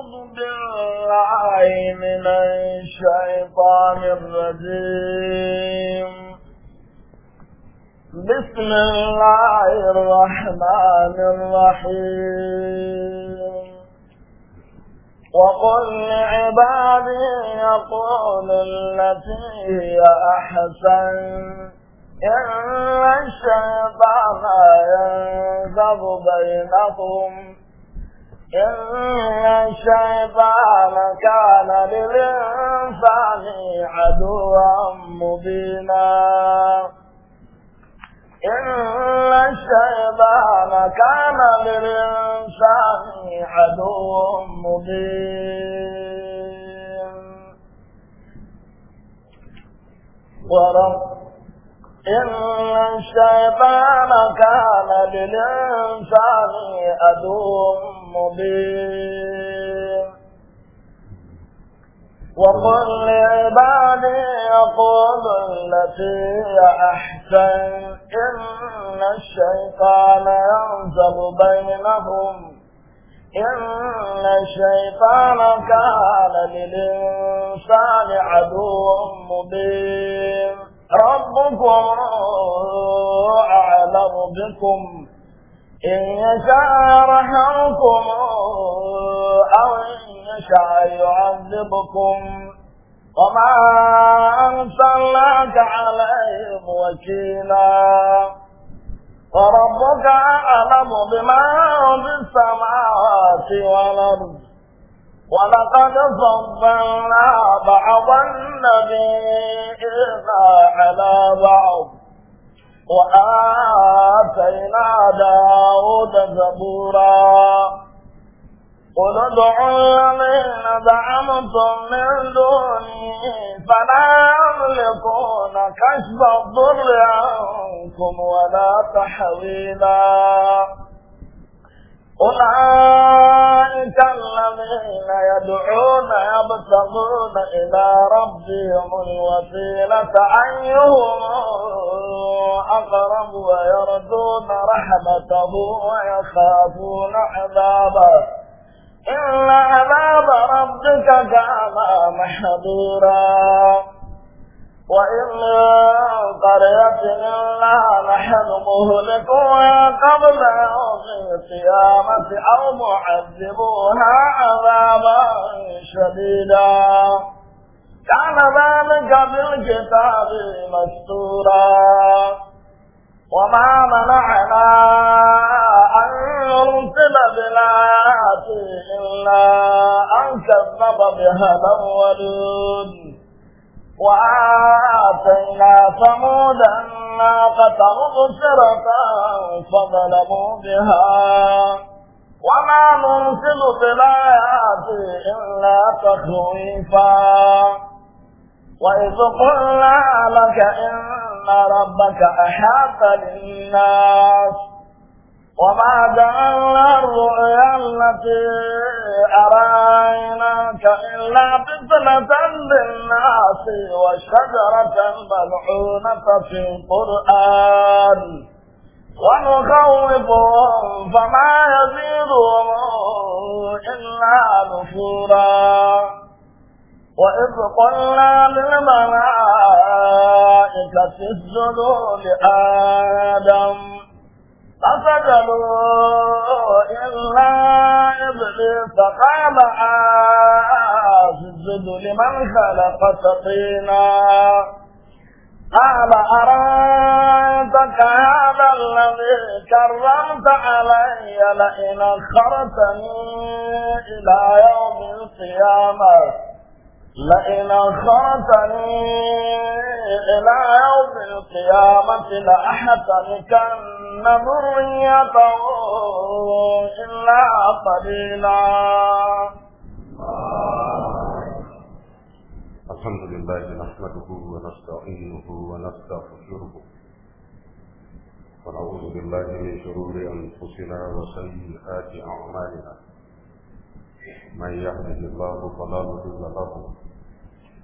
أعوذ بالله من الشيطان الرجيم بسم الله الرحمن الرحيم وقل لعبادي يقول التي هي أحسن إن الشيطان ينزغ بينهم إن الشيطان كان للإنسان عدوا مبينا إن الشيطان كان للإنسان عدوا مبينا ورب إن الشيطان كان للإنسان أدو مبين وقل لعبادي يقول التي أحسن إن الشيطان ينزل بينهم إن الشيطان كان للإنسان عدو مبين ربكم أعلم بكم إن يشاء رحمكم أو إن يشاء يعذبكم وما أرسلناك عليهم وكيلا وربك أعلم بما في السماوات والأرض ولقد فضلنا بعض النبيين على بعض وآتينا داود زبورا قل ادعوا الذين زعمتم من دوني فلا يملكون كشف الضر عنكم ولا تحويلا أولئك الذين يدعون يبتغون إلى ربهم الوسيلة أيهم أقرب ويرجون رحمته ويخافون عذابه إن عذاب ربك كان محذورا وإن قرية إلا نحن مهلكوها قبل يوم القيامة أو معذبوها عذابا شديدا كان ذلك بالكتاب مستورا وما منعنا أن نرسل بالآيات إلا أن كذب بها الأولون وآتينا ثمود الناقة مبصرة فظلموا بها وما نرسل بالآيات إلا تخويفا وإذ قلنا لك إن ربك أحاط للناس وما جعلنا الرؤيا التي أريناك إلا فتنة للناس وشجرة ملعونة في القرآن ونخوفهم فما يزيدهم إلا نفورا وإذ قلنا للملائكة اسجدوا لآدم فسجدوا إلا إبليس قال أسجد لمن خلقت طينا قال أرأيتك هذا الذي كرمت علي لئن أخرتني إلى يوم القيامة لئن أخرتني إلى يوم القيامة لأحتركن ذريته إلا قليلا الحمد لله نحمده ونستعينه ونستغفره ونعوذ بالله من شرور أنفسنا وسيئات أعمالنا من يهده الله فلا مضل له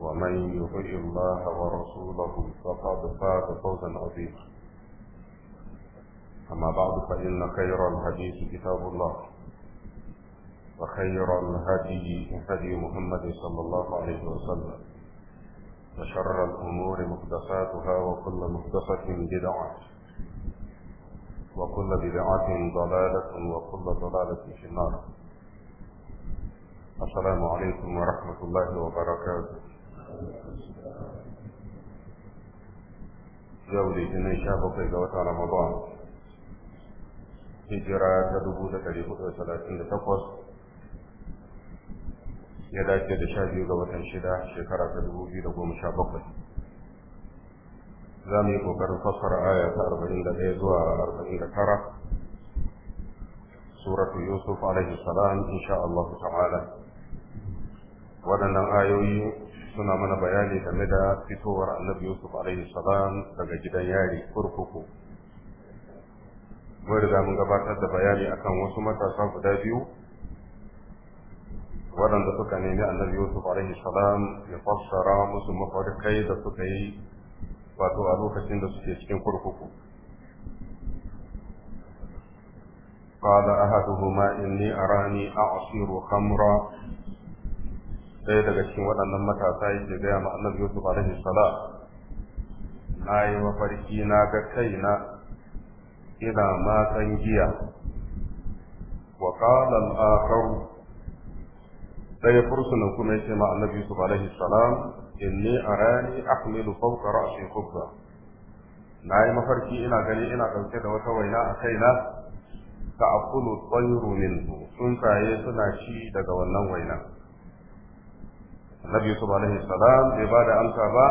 ومن يطع الله ورسوله فقد فاز فوزا عظيما أما بعد فإن خير الحديث كتاب الله وخير الهدي هدي محمد صلى الله عليه وسلم وشر الأمور محدثاتها وكل محدثة بدعة وكل بدعة ضلالة وكل ضلالة في النار السلام عليكم ورحمة الله وبركاته yau litinin sha bakwai ga watan ramadan hijira ta dubu da ɗari hudu da talatin da takwas ya dace da sha biyu ga watan shida shekara ta dubu biyu da goma sha bakwai za mu yi ƙoƙarin fassara aya ta arba'in da ɗaya zuwa arba'in da tara suratu yusuf alaihi salam insha allahu ta'ala waɗannan ayoyi suna mana bayani game da fitowar annabi yusuf alaihi salam daga gidan yari kurkuku mun riga mun gabatar da bayani akan wasu matasa guda biyu waɗanda suka nemi annabi yusuf alaihi salam ya fassara musu mafarkai da suka yi wato a lokacin da suke cikin kurkuku قال أحدهما إني أراني أعصير خمرا ɗaya daga cikin waɗannan matasa yake gaya ma annabi yusuf alaihi sala. na yi mafarki na ga kaina ina matan giya wa qala al-akhar ɗaya fursunan kuma yake ma annabi yusuf alaihi sala, inni arani ahmilu fawqa ra'si khubza na yi mafarki ina gani ina ɗauke da wata waina a kaina ta akulu tsayru sun tsuntsaye suna ci daga wannan wainan nabi yusuf alaihi salam bai ba da amsa ba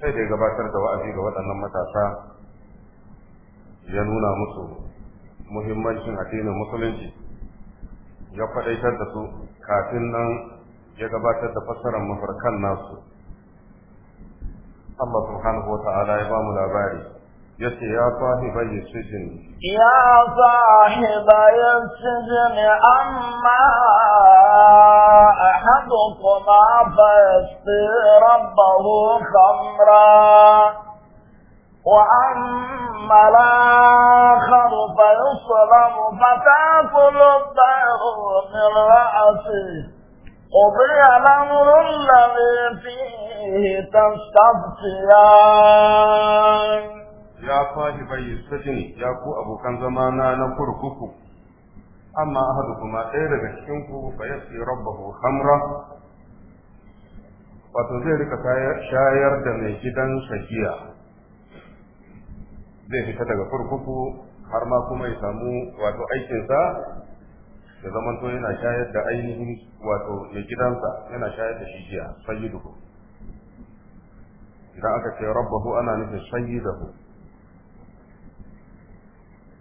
sai da ya gabatar da wa'azi ga waɗannan matasa ya nuna musu muhimmancin addinin musulunci ya faɗaitar da su kafin nan ya gabatar da fassarar mafarkan nasu Allah subhanahu wa ta'ala ya ba mu labari yace ya sahiba yasjin ya sahiba yasjin amma ahadukuma fa rabbahu khamra وأما الآخر فيصلب فتأكل الطير من رأسه قضي الأمر الذي فيه تستفتيان ya fahi bai sajini ya ku abokan zama na na kurkuku amma ahadu kuma ɗaya daga cikin ku fa yasi rabbahu khamra wato zai rika shayar da mai gidansa giya zai fita daga kurkuku har ma kuma ya samu wato aikinsa ya to yana shayar da ainihin wato mai gidansa yana shayar da shi giya sayyiduhu idan aka ce rabbahu ana nufin sayyidahu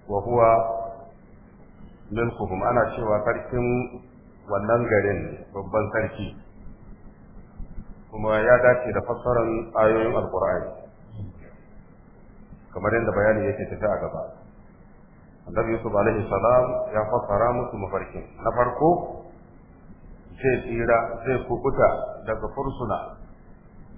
wa huwa milkuhum ana cewa sarkin wannan garin babban sarki kuma ya dace da fassarar ayoyin alkur'ani kamar yadda bayani yake tafi a gaba annabi yusuf alaihi salam ya fassara musu mafarkin na farko zai tsira zai kukuta daga fursuna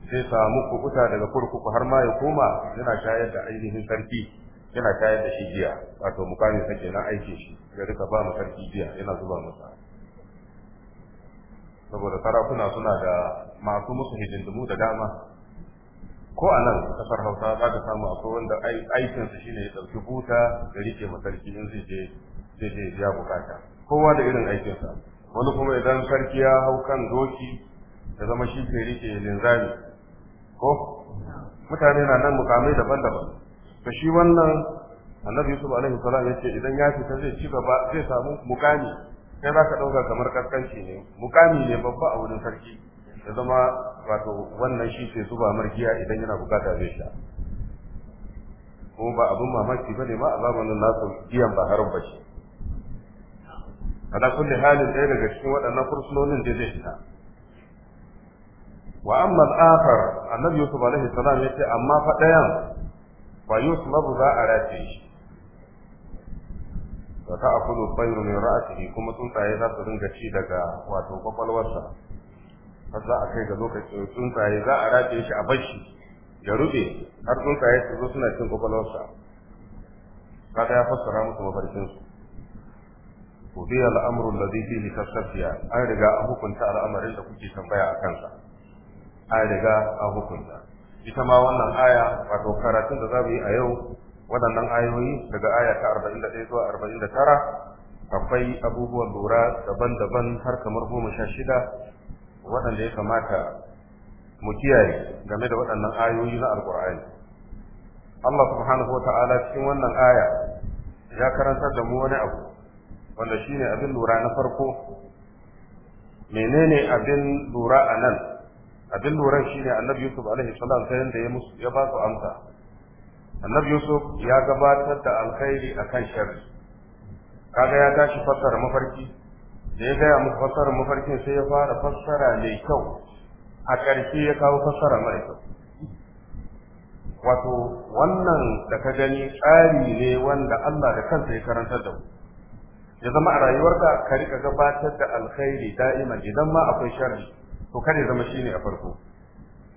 zai samu kukuta daga kurkuku har ma ya koma yana shayar da ainihin sarki yana shayar da shi giya wato mukamin sa kenan aikin shi ya rika ba mu sarki giya yana zuba masa saboda sarakuna suna da masu musu hidindimu da dama ko a nan kasar hausa za ka samu akwai wanda aikinsa shine ya ɗauki buta da rike masarki in zai je zai je ya bukata kowa da irin aikinsa wani kuma idan sarki ya hau kan doki ya zama shi ke rike linzami ko mutane na nan mukamai daban-daban da shi wannan annabi yusuf alaihi salam ya ce idan ya fita zai ci gaba zai samu mukami sai za ka ɗauka kamar kaskanci ne mukami ne babba a wurin sarki ya zama wato wannan shi ke zuba margiya idan yana bukata zai sha Ko ba abin mamaki bane ma a zamanin nasu giyan ba harin ba shi ala kulle halin ɗaya daga cikin waɗannan fursunonin da zai fita wa amma al-akhar annabi yusuf alaihi salam ya ce amma fa ɗayan fa yusmaru za a race shi wa Akulu tayru min ra'sihi kuma tsuntsaye za su dinga ci daga wato kwakwalwarsa har za a kai ga lokacin tsuntsaye za a race shi a bashi ya rube har tsuntsaye su zo suna cin kwakwalwarsa kaga ya fassara musu mafarkin su وبيع الأمر الذي فيه تستفيا hukunta al'amarin da kuke tambaya كنت تنبيع An riga أهوكم hukunta. ita ma wannan aya wato karatun da za mu yi a yau waɗannan ayoyi daga aya ta 41 zuwa 49 akwai abubuwan lura daban-daban har kamar goma sha shida waɗanda ya kamata mu kiyaye game da waɗannan ayoyi na alƙur'ani Allah subhanahu wa ta'ala cikin wannan aya ya karantar da mu wani abu wanda shine abin lura na farko menene abin lura a nan abin lura ne annabi yusuf alaihi salam sai da ya musu ya ba su amsa annabi yusuf ya gabatar da alkhairi akan sharri kaga ya tashi fassara mafarki da ya gaya musu fassara mafarkin sai ya fara fassara mai kyau a ƙarshe ya kawo fassara mara kyau wato wannan da ka gani tsari ne wanda Allah da kansa ya karantar da mu ya zama a rayuwarka ka rika gabatar da alkhairi da'iman idan ma akwai sharri to kada zama shine a farko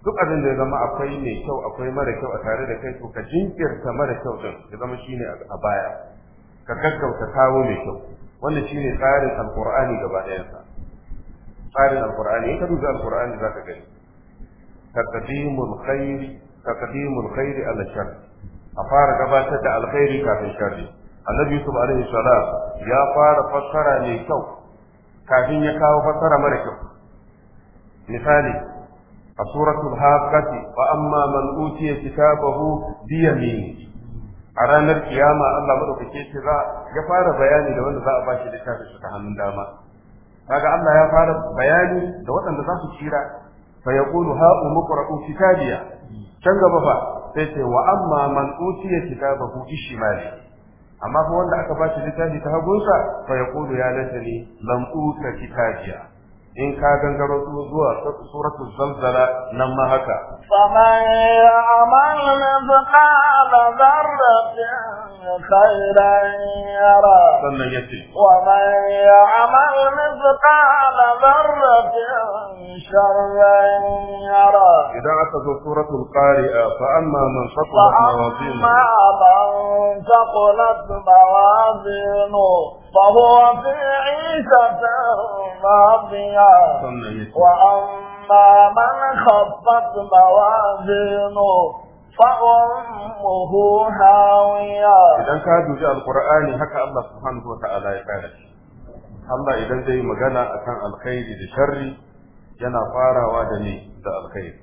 duk abin da ya zama akwai mai kyau akwai mara kyau a tare da kai to ka jinkirta mara kyau din ya zama shine a baya ka gaggauta kawo mai kyau wannan shine tsarin alqur'ani gaba ɗayansa tsarin alqur'ani in ka duba alqur'ani zaka gani taqdimul khairi taqdimul khairi ala shar a fara gabatar da alkhairi kafin sharri annabi yusuf alaihi salam ya fara fassara mai kyau kafin ya kawo fassara mara kyau misali a suratul haqqati wa amma man utiya kitabahu bi yamini a ranar kiyama Allah madaukake ce za ya fara bayani da wanda za a bashi littafin shi ta hannun dama kaga Allah ya fara bayani da waɗanda za su kira fa yaqulu ha umqra'u kitabiya can gaba fa sai ce wa amma man utiya kitabahu bi shimali amma fa wanda aka bashi littafi ta hagunsa fa yaqulu ya laitani lam uta kitabiya in ka gangaro su zuwa suratul zalzala nan ma haka faman ya'mal mithqala dharratin khairan yara sannan yace wa man ya'mal mithqala dharratin sharran yara idan aka zo suratul qari'a fa amma man saqala mawazinu fa amma man saqalat mawazinu فهو في عيسى راضية وأما من خفت موازينه فأمه هاوية إذا كان جاء القرآن هكا الله سبحانه وتعالى يقال Allah idan zai magana akan alkhairi da sharri yana farawa da ne da alkhairi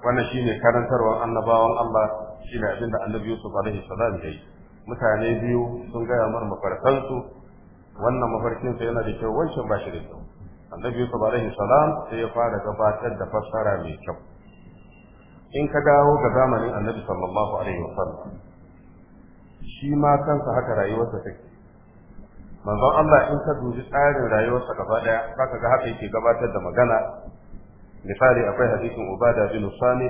wannan shine karantarwar annabawan Allah shine abinda Annabi Yusuf alaihi salam yayi mutane biyu sun ga yamar mafarkansu wannan mafarkin yana da kyau wancan ba shi da kyau annabi yusuf alaihi salam sai ya fara gabatar da fassara mai kyau in ka dawo ga zamanin annabi sallallahu alaihi wasallam shi ma kansa haka rayuwarsa take manzon Allah in ka dubi tsarin rayuwarsa gaba daya zaka ga haka yake gabatar da magana misali akwai hadisin ubada bin sami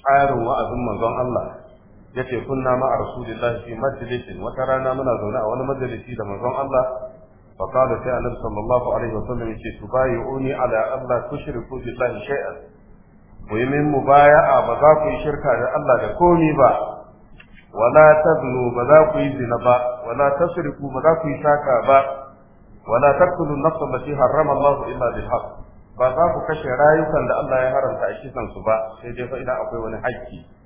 tsarin wa'azin manzon Allah yace kunna ma rasulillah fi majlisin wata rana muna zaune a wani majalisi da manzon Allah fa qala sai annabi sallallahu alaihi wa wasallam yace tubayyuni ala alla tushriku billahi shay'an ku yi min mubaya'a ba za ku yi shirka da Allah da komai ba wala taznu ba za ku yi zina ba wala tasriku ba za ku yi saka ba wala taqtulu an-nafsa allati harrama Allah illa bil haqq ba za ku kashe rayukan da Allah ya haramta a kisan su ba sai dai fa idan akwai wani haƙƙi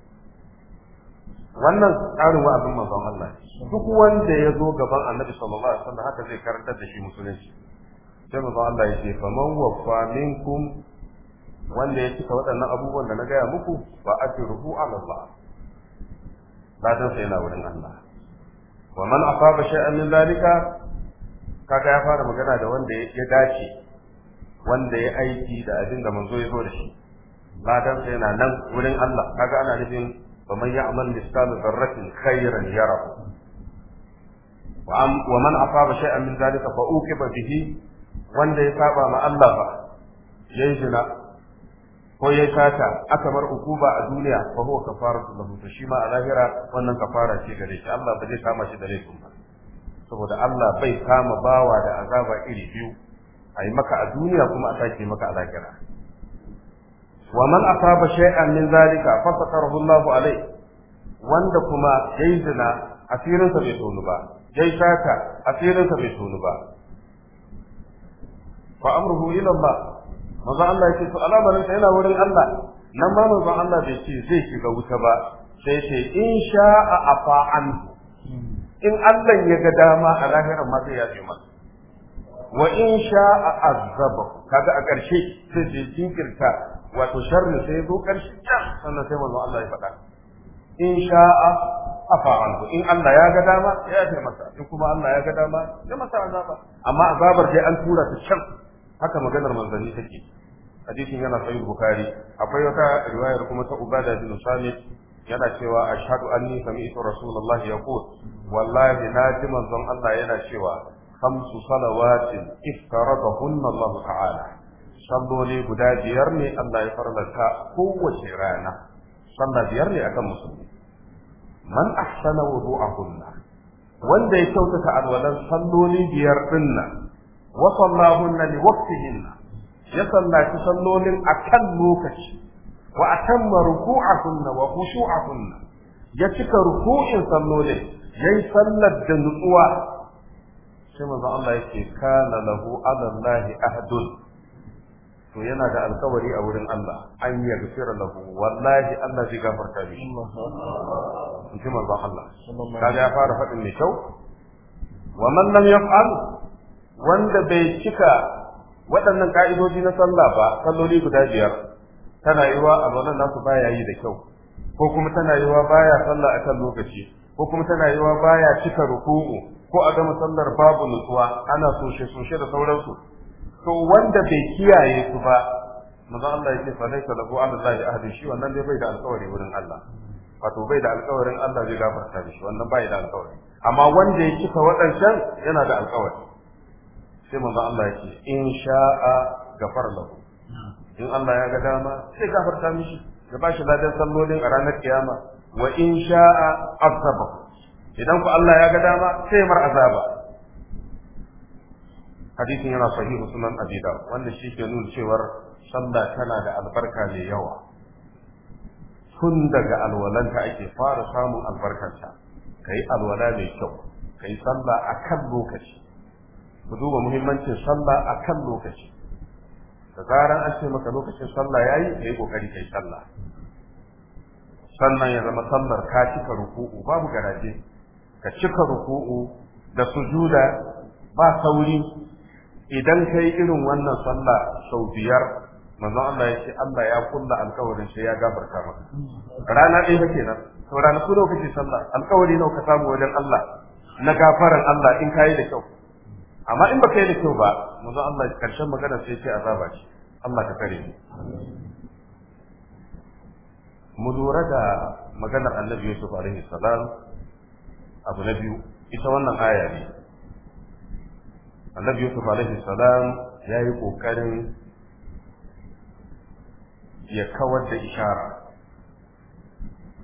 wannan tsarin wa'azin manzon Allah duk wanda ya zo gaban annabi sallallahu alaihi wasallam haka zai karantar da shi musulunci sai manzon Allah ya ce man waffa minkum wanda ya cika waɗannan abubuwan da na gaya muku ba ajruhu ala Allah ladan sai yana wurin Allah wa man asaba shay'an min zalika kaga ya fara magana da wanda ya dace wanda ya aiki da abin da manzo ya zo da shi ladan sai yana nan wurin Allah kaga ana nufin فمن يعمل مثقال ذرة خيرا يره ومن أصاب شيئا من ذلك فأوكب به wanda ya saba ma Allah ba yayi zina ko ya kata, aka bar ukuba a duniya fa huwa kafaratu lahu to shi ma a lahira wannan kafara ce gare shi Allah ba zai kama shi da laifin ba saboda Allah bai kama bawa da azaba iri biyu a yi maka a duniya kuma a sake maka a lahira wa man asaba shay'an min zalika fa sakarahu Allahu alayhi wanda kuma yi zina asirinsa bai tonu ba yayi saka asirinsa bai tonu ba fa amruhu ila Allah Maza Allah yake to alamarin yana wurin Allah nan ma maza Allah bai ce zai shiga wuta ba sai ce in sha'a afa an in Allah ya ga dama a lahirin ma zai ya masa wa in sha'a azzaba kaga a ƙarshe sai je jinkirta wato sharri sai zo karshe can sannan sai manzo Allah ya faɗa in sha'a afa anhu in Allah ya ga dama ya yi masa in kuma Allah ya ga dama ya masa azaba amma azabar sai an tura ta can haka maganar manzanni take hadisin yana sahih bukari. akwai wata riwayar kuma ta ubada bin samit yana cewa ashhadu anni sami'tu rasulullahi yaqul wallahi na ji manzon Allah yana cewa خمس صلوات افترضهن الله تعالى salloli guda biyar ne Allah ya farlanta kowace rana sallah biyar ne akan musulmi man ahsana wudu'ahunna wanda ya kyautata alwalan salloli biyar dinnan wa sallahunna li waqtihinna ya sallaci sallolin a kan lokaci wa a kan a ruku'ahunna wa kushu a khushu'ahunna ya cika ruku'in sallolin ya yi sallar da nutsuwa sai manzo Allah yake kana lahu ala Allah ahdun to yana da alkawari a wurin Allah an ya gafira lahu wallahi Allah zai gafarta mishi in ba Allah kaga ya fara faɗin mai kyau wa man lam yaf'al wanda bai cika waɗannan ka'idoji na sallah ba salloli guda biyar tana yiwa a zonan nasu baya yi da kyau ko kuma tana yiwa baya sallah a kan lokaci ko kuma tana yiwa baya cika ruku'u ko a gama sallar babu nutsuwa ana soshe soshe da sauransu to wanda bai kiyaye su ba manzo Allah yake fa laysa lahu Allah Allahi ahadin shi wannan dai bai da alƙawari wurin Allah wato bai da alƙawarin Allah zai gafarta shi wannan bai da alƙawari amma wanda ya cika wadancan yana da alƙawari sai manzo Allah yake in sha'a gafar lahu in Allah ya ga dama sai gafarta mishi ya ba shi ladan sallolin a ranar kiyama wa in sha'a azaba idan ku Allah ya ga dama sai mar azaba hadisin yana sahihu sunan abi wanda shi ke nuna cewar sallah tana da albarka mai yawa tun daga alwalanta ake fara samun albarkarta kai alwala mai kyau kai sallah akan lokaci ku duba muhimmancin sallah akan lokaci da zaran an ce maka lokacin sallah yayi kai kokari kai sallah sannan ya zama sallar ka cika ruku'u babu garaje ka cika ruku'u da sujuda ba sauri idan kai irin wannan sallah sau biyar manzon Allah ya ce Allah ya kulla alkawarin sai ya gafarta maka rana ɗaya kake nan to rana ku nawa kake sallah alkawari nawa ka samu wajen Allah na gafaran Allah in kayi da kyau amma in baka yi da kyau ba manzon Allah karshen magana sai ce azaba shi Allah ka kare ni mu lura da maganar Annabi Yusuf alaihi salam abu na biyu ita wannan aya ne annabi yusuf alaihi salam ya yi ƙoƙarin ya kawar da ishara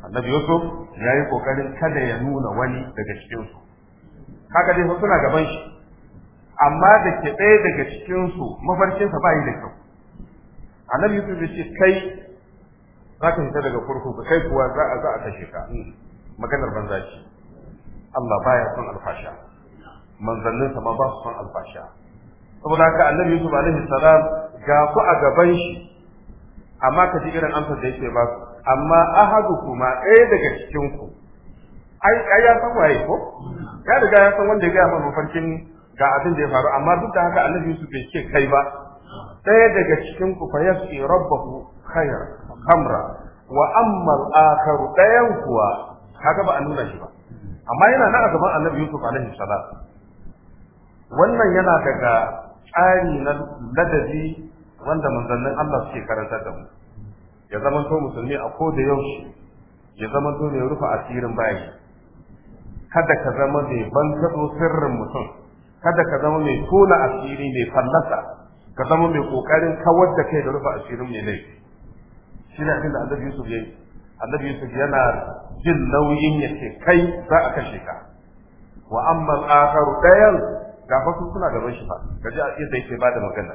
annabi yusuf ya yi ƙoƙarin kada ya nuna wani daga cikinsu haka dai suna gaban shi amma da ke ɗaya daga cikinsu mafarkinsa ba yi da kyau annabi yusuf ya ce kai za ka fita daga kurkuku kai kuwa za a za a kashe ka maganar banza ce Allah baya son alfasha manzannin sa ma ba su son alfasha saboda haka annabi Yusuf alaihi salam ga ku a gaban shi amma ka ji irin amsar da yake ba su amma ahadukuma ɗaya daga cikin ku ai ai ya san waye ko ya riga ya san wanda ya ga mana mafarkin ga abin da ya faru amma duk da haka annabi Yusuf bai ce kai ba ɗaya daga cikin ku fa yasi rabbahu khayra khamra wa amma al-akharu ɗayan kuwa kaga ba a nuna shi ba amma yana nan a gaban annabi Yusuf alaihi salam wannan yana daga tsari na ladabi wanda manzannin Allah suke karanta da mu ya zama to musulmi a ko da yaushe ya zama to ne rufe asirin bayi kada ka zama mai bankaɗo sirrin mutum kada ka zama mai tona asiri mai fallasa ka zama mai kokarin kawar da kai da rufe asirin mai laifi shi ne abin da annabi Yusuf ya yi annabi Yusuf yana jin nauyin ya ce kai za a kashe ka wa amma al-akharu dayan gafa su suna gaban shi fa ka ji yadda yake bada magana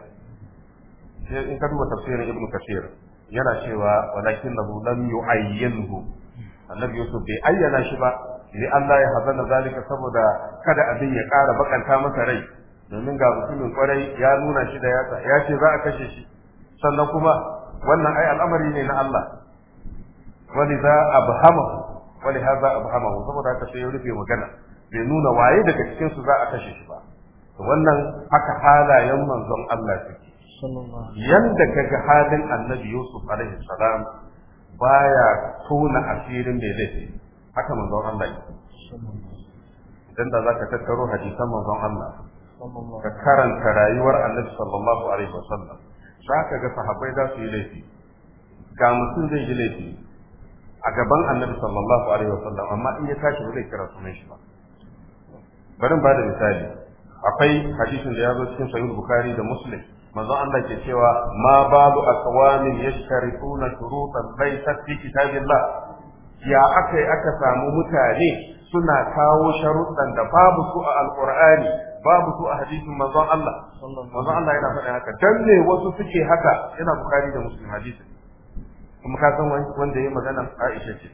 sai in ka duba tafsirin ibnu kasir yana cewa walakin lahu lam yu'ayyinhu annabi yusuf bai ayyana shi ba li Allah ya hazana zalika saboda kada abin ya ƙara bakanta masa rai domin ga mutumin kwarai ya nuna shi da yasa ya ce za a kashe shi sannan kuma wannan ai al'amari ne na Allah wani za a abhamahu wani haza abhamahu saboda haka sai ya rufe magana bai nuna waye daga cikin za a kashe shi ba wannan haka halayen manzon Allah take yanda kaga halin annabi Yusuf alaihi salam baya tona asirin mai laifi haka manzon Allah yake idan da zaka tattaro hadisan manzon Allah ka karanta rayuwar annabi sallallahu alaihi wasallam zaka ga sahabbai za su yi laifi ga mutum zai yi laifi a gaban annabi sallallahu alaihi wasallam amma in ya tashi ba zai kira sunan shi ba bari ba da misali akwai hadisin da ya zo cikin sahih bukhari da muslim manzon Allah ke cewa ma babu aqwami yashtarituna shurutan baita fi kitabillah ya aka aka samu mutane suna kawo sharuɗan da babu su a alqur'ani babu su a hadisin manzon Allah manzon Allah yana faɗa haka dan ne wasu suke haka yana bukhari da muslim hadisin kuma ka san wanda ya magana Aisha ce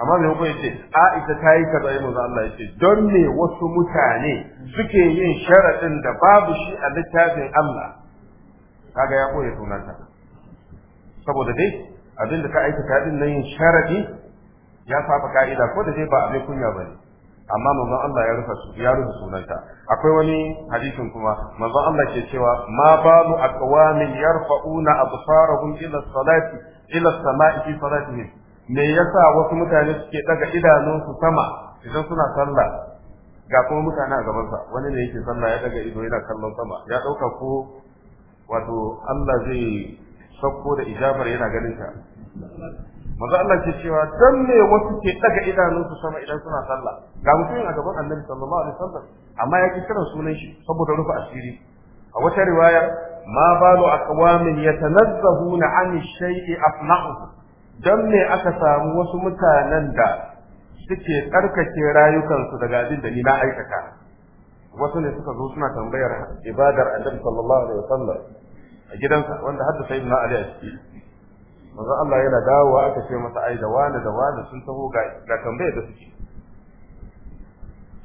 amma mai hukunci ce Aisha ta yi kaza manzo Allah yace don me wasu mutane suke yin sharadin da babu shi a littafin Allah kaga ya koya sunanta saboda dai abin da ka aikata din nan yin sharadi ya saba ka'ida ko da dai ba abin kunya bane amma manzon Allah ya rufe ya sunanta akwai wani hadisin kuma manzon Allah ke cewa ma babu aqwamin yarfa'una absarahum ila salati ila samai fi salatihim me yasa wasu mutane suke daga idanunsu sama idan suna sallah ga kuma mutane a gaban sa? wani ne yake sallah ya daga ido yana kallon sama ya dauka ko wato Allah zai sauko da ijabar yana ganin ta maza Allah ke cewa dan me wasu ke daga idanunsu sama idan suna sallah ga mutumin a gaban Annabi sallallahu alaihi wasallam amma ya kira sunan shi saboda rufe asiri a wata riwaya ma balu aqwamin yatanazzahuna an shay'i afnahu don me aka samu wasu mutanen da suke tsarkake rayukansu daga abin da ni na aikata wasu ne suka zo suna tambayar ibadar annabi sallallahu alaihi wasallam a gidansa wanda hadda sai na ali a ciki manzo Allah yana dawowa aka ce masa ai da wani da wani sun taho ga ga tambayar da suke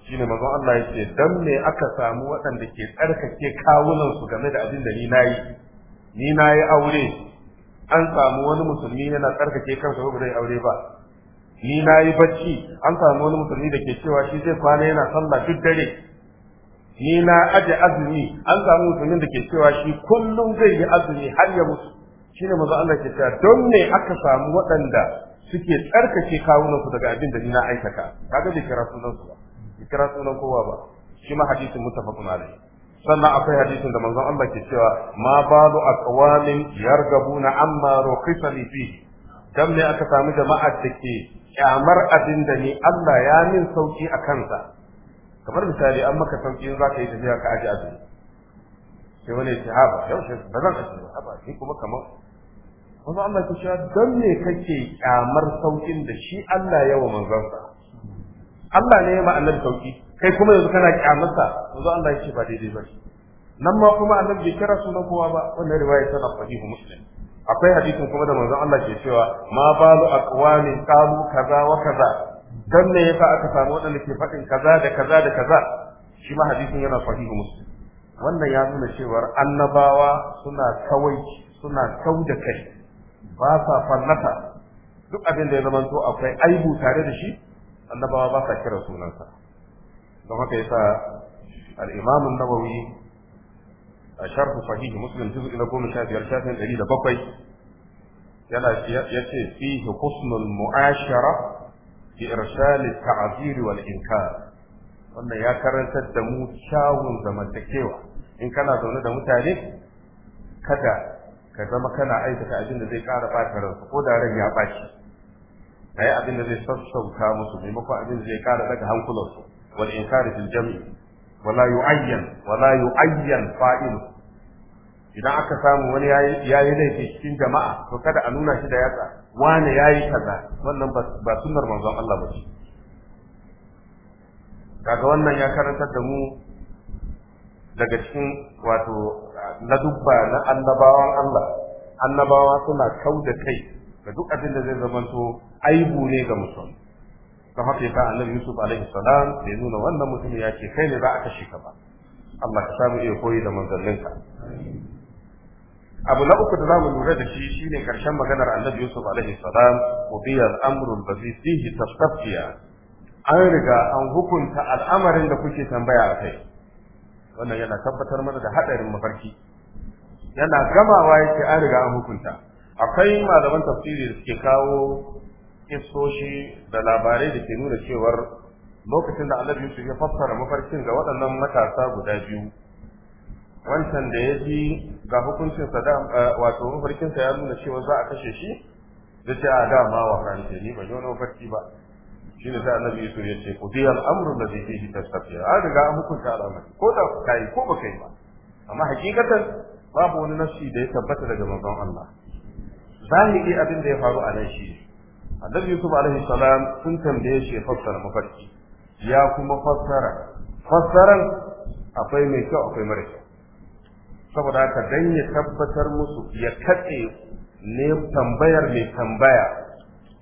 shine manzo Allah yake dan me aka samu waɗanda ke tsarkake kawunan su game da abin da ni nayi ni nayi aure an samu wani musulmi yana tsarkake kansa ba zai aure ba ni na yi bacci an samu wani musulmi da ke cewa shi zai kwana yana sallah duk dare ni na aje azumi an samu musulmi da ke cewa shi kullum zai yi azumi har ya mutu shine maza Allah ke cewa don ne aka samu waɗanda suke tsarkake kawunansu daga abin da ni na aikata kaga bai kira sunan su ba bai kira sunan kowa ba shi ma hadisin mutafaqun alaihi sannan akwai hadisin da manzon Allah ke cewa ma balu aqwamin yargabuna amma rukhisa li fi dan ne aka samu jama'a da ke kyamar abin da ni Allah ya min sauki a kansa kamar misali an maka sauki in zaka yi tafiya ka aje azumi sai wani ya ce ha ba yau ba zan aje ba ba shi kuma kamar manzon Allah ke cewa dan ne kake kyamar saukin da shi Allah ya wa manzon sa Allah ne ya ma annabi sauki kai kuma yanzu kana kyamarsa yanzu Allah yake ba daidai ba nan ma kuma annabi bai kira sunan kowa ba wannan riwaya tana sahihu muslim akwai hadisin kuma da manzon Allah ke cewa ma balu aqwamin qalu kaza wa kaza dan ne yasa aka samu wadanda ke faɗin kaza da kaza da kaza shi ma hadisin yana sahihu muslim wannan ya nuna cewa annabawa suna kawai suna kauda kai ba sa fallata duk abin da ya zamanto akwai aibu tare da shi annabawa ba sa kira sunansa don haka yasa al-Imam an-Nawawi a sharh sahih Muslim juz'i na 15 shafin 107 yana yace fihi husnul mu'ashara bi irsal at-ta'zir wal inkar wannan ya karantar da mu kyawun zamantakewa in kana zaune da mutane kada ka zama kana aikata abin da zai ƙara ɓata ransu ko da ran ya ɓaci ka yi abin da zai sassauta musu maimakon abin da zai ƙara daga hankulansu wal inkari fil jam'i wala yu'ayyan wala yu'ayyan idan aka samu wani yayi laifi cikin jama'a to kada a nuna shi da yatsa wani yayi kaza wannan ba sunnar manzon Allah ba ce kaga wannan ya karantar da mu daga cikin wato na dubba na annabawan Allah annabawa suna kau da kai da duk abin da zai zamanto aibu ne ga musulmi don haka yasa annabi yusuf alaihi salam bai nuna wannan mutum ya ce kai ne za a kashe ka ba Allah ka samu iya koyi da ka. abu na uku da zamu lura da shi shine karshen maganar annabi yusuf alaihi salam ubiya al-amru fihi tastafiya an riga an hukunta al'amarin da kuke tambaya a kai wannan yana tabbatar mana da hadarin mafarki yana gamawa yake an riga an hukunta akwai malaman tafsiri da suke kawo kissoshi da labarai da ke nuna cewar lokacin da Allah Yusuf ya fassara mafarkin ga waɗannan matasa guda biyu wancan da ya ji ga hukuncin sa da eh, wato mafarkin sa ya nuna cewa za a kashe shi da ce a dama wa kanta ni ba wani farki ba shine sai Allah Yusuf ya ce al amru alladhi fihi tastafiya a riga an hukunta al'amari ko da kai ko ba kai ba amma hakikatan babu wani nafsi da ya tabbata daga manzon Allah zahiri abin da ya faru a nan shi annabi yusuf alaihi salam sun tambaye shi fassara mafarki ya kuma fassara fassaran akwai mai kyau akwai mara kyau saboda haka dan ya tabbatar musu ya katse ne tambayar mai tambaya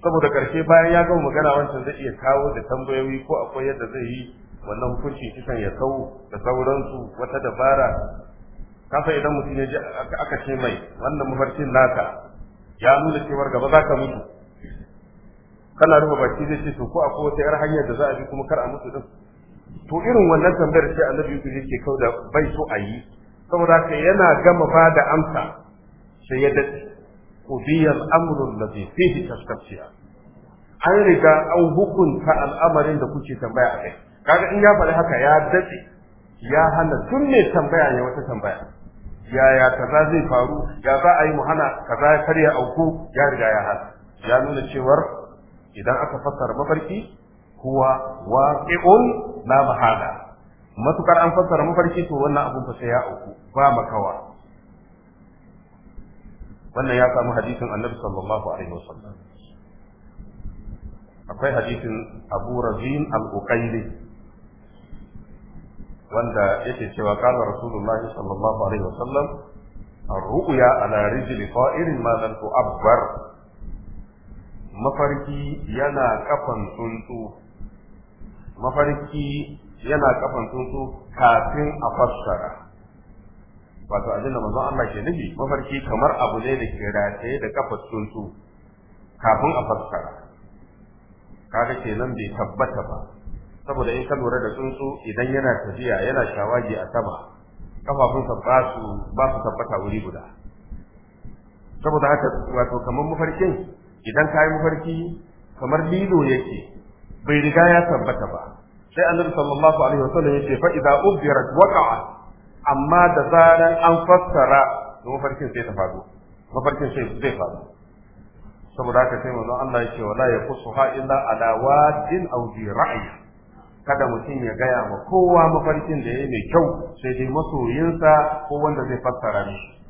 saboda karshe bayan ya gama magana wancan zai iya kawo da tambayoyi ko akwai yadda zai yi wannan hukunci kisan ya kau da sauransu wata dabara kafa idan mutum ya ji aka ce mai wannan mafarkin naka ya nuna cewar gaba za ka mutu kana rufe baki zai ce to ko akwai wata yar hanyar da za a bi kuma kar a mutu din to irin wannan tambayar sai annabi yusuf yake kauda bai so a yi saboda haka yana gama ba da amsa sai ya dace qudiyal amru allazi fihi tastafsiya an riga an hukunta al'amarin da kuke tambaya a kai kaga in ya faɗi haka ya dace ya hana tun ne tambaya ne wata tambaya yaya kaza zai faru ya za a yi mu hana kaza ya karya auku ya riga ya hana ya nuna cewar idan aka fassara mafarki huwa waqi'un la mahala matukar an fassara mafarki to wannan abun fa sai ya auku ba makawa wannan ya samu hadisin annabi sallallahu alaihi wasallam akwai hadisin abu razin al-uqayli wanda yake cewa kana rasulullahi sallallahu alaihi wasallam الرؤيا على رجل طائر ما لم تعبر mafarki yana kafan tsuntsu mafarki yana kafan tsuntsu kafin a fassara wato abin da manzon Allah ke nufi mafarki kamar abu ne da ke rataye da kafan tsuntsu kafin a fassara kaga kenan bai tabbata ba saboda in ka lura da tsuntsu idan yana tafiya yana shawagi a sama kafafunsa ba su ba su tabbata wuri guda saboda haka wato kamar mafarkin idan yi mafarki kamar lilo yake bai riga ya tabbata ba sai annabi sallallahu alaihi wasallam yake fa idza ubdirat waqa'a amma da zaran an fassara to mafarkin sai ta faɗo mafarkin sai zai faɗo saboda haka sai manzon Allah yake wala yaqusuha illa ala wadin aw bi ra'yi kada mutum ya gaya ma kowa mafarkin da ya yi mai kyau sai dai masoyinsa ko wanda zai fassara mishi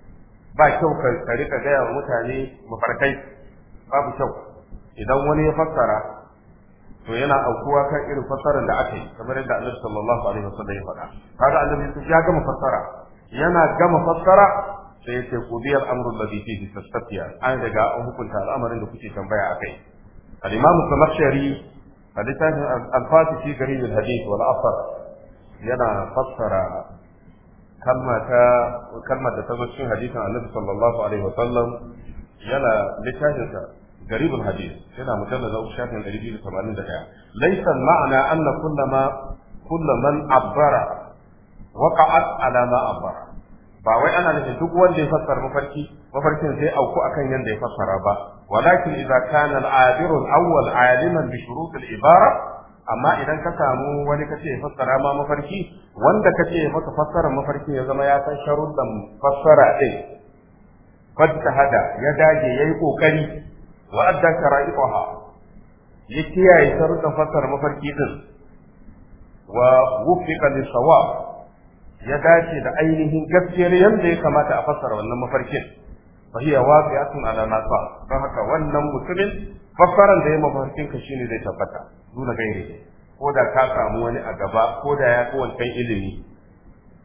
ba kyau ka rika gaya wa mutane mafarkai babu kyau idan wani ya fassara to yana aukuwa kan irin fassarar da aka yi kamar yadda Allah sallallahu alaihi wasallam ya faɗa kaga Allah ya gama fassara yana gama fassara sai ya ce qudiyal amru alladhi fihi tastatiya an daga an hukunta al'amarin da kuke tambaya akai al-imam samakhshari a littafin al-fatihi garib al-hadith wal asr yana fassara kalma ta kalmar da ta zo cikin hadithan annabi sallallahu alaihi wasallam yana littafinsa garibul hadis yana mujallal na shafin ɗaya laysa ma'ana anna kullama kullaman abbara waqa'at alama abbara ba wai ana nufin duk wanda ya fassara mafarki mafarkin zai auku akan yanda ya fassara ba walakin idza kana al-abiru awwal aliman bi shurut al-ibara amma idan ka samu wani kace ya fassara ma mafarki wanda kace ya maka fassara mafarki ya zama ya san sharuddan fassara Fattahada ya dage yayi kokari wa adda shara'iqaha ya kiyaye sharuɗan fasar mafarki din wa wufiqa sawab ya dace da ainihin gaskiyar yanda ya kamata a fasara wannan mafarkin fa hiya waqi'atun ala nasa don haka wannan mutumin fassaran da ya mafarkin ka shine zai tabbata nuna gaire ko da ka samu wani a gaba ko da ya fi kan ilimi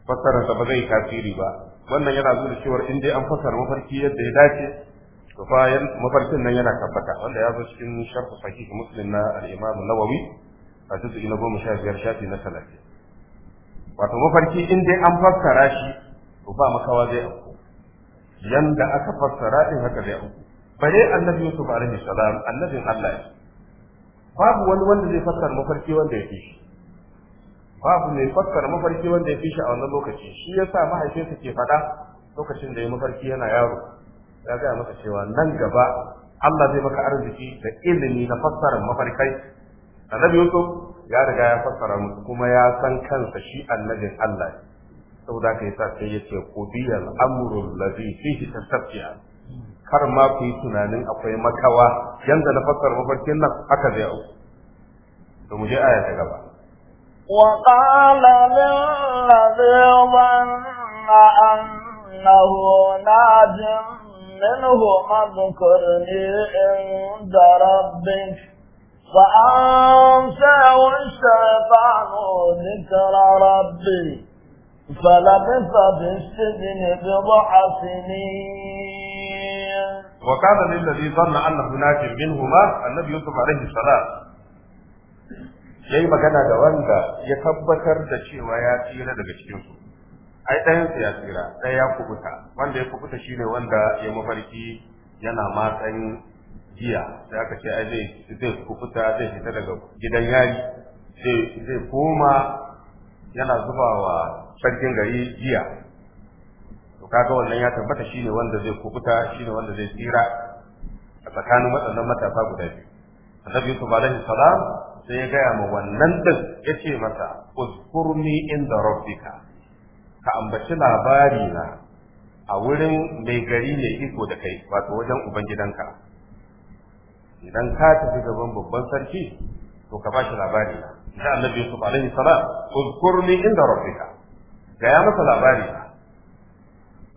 fassarar ba zai tasiri ba wannan yana zuwa cewar in dai an fasara mafarki yadda ya dace to fa mafarkin nan yana tabbata wanda ya zo cikin sharh sahih muslim na al-imam nawawi a cikin na goma sha biyar shafi na talatin wato mafarki in dai an fassara shi to ba makawa zai auku yanda aka fassara din haka zai auku bare annabi yusuf alaihi salam annabin allah babu wani wanda zai fassara mafarki wanda ya fi shi babu mai fassara mafarki wanda ya fi shi a wannan lokaci shi ya sa mahaifinsa ke faɗa lokacin da ya mafarki yana yaro ya gaya masa cewa nan gaba Allah zai maka arziki da ilimi na fassara mafarkai annabi Yusuf ya riga ya fassara musu kuma ya san kansa shi annabin Allah saboda yi yasa sai ya ce qudiyal amru allazi fihi tastafiya kar ma ku yi tunanin akwai makawa yanda na fassara mafarkin nan aka zai auku to mu je aya ta gaba وقال للذي ظن أنه ناج منه مذكرني عند ربك فأنساه الشيطان ذكر ربي فلبث بالسجن بضع سنين وقال للذي ظن أنه ناج منهما النبي يوسف عليه السلام ya yi magana da wanda ya tabbatar da cewa ya tsira daga cikinsu ai su ya tsira ɗaya ya kubuta wanda ya kubuta shi ne wanda ya mafarki yana matsayin jiya. sai aka ce ai zai zai kubuta zai fita daga gidan yari sai zai koma yana zuba wa sarkin gari jiya. to kaga wannan ya tabbata shine wanda zai kubuta shine wanda zai tsira a tsakanin waɗannan matasa guda biyu annabi yusuf alaihi salam sai ya gaya ma wannan din ya ce masa uzkurni inda rabbika ka ambaci labari na a wurin mai gari mai iko da kai wato wajen ubangidanka idan ka tafi gaban babban sarki to ka bashi labari na da annabi yusuf alaihi salam uzkurni inda rabbika gaya masa labari na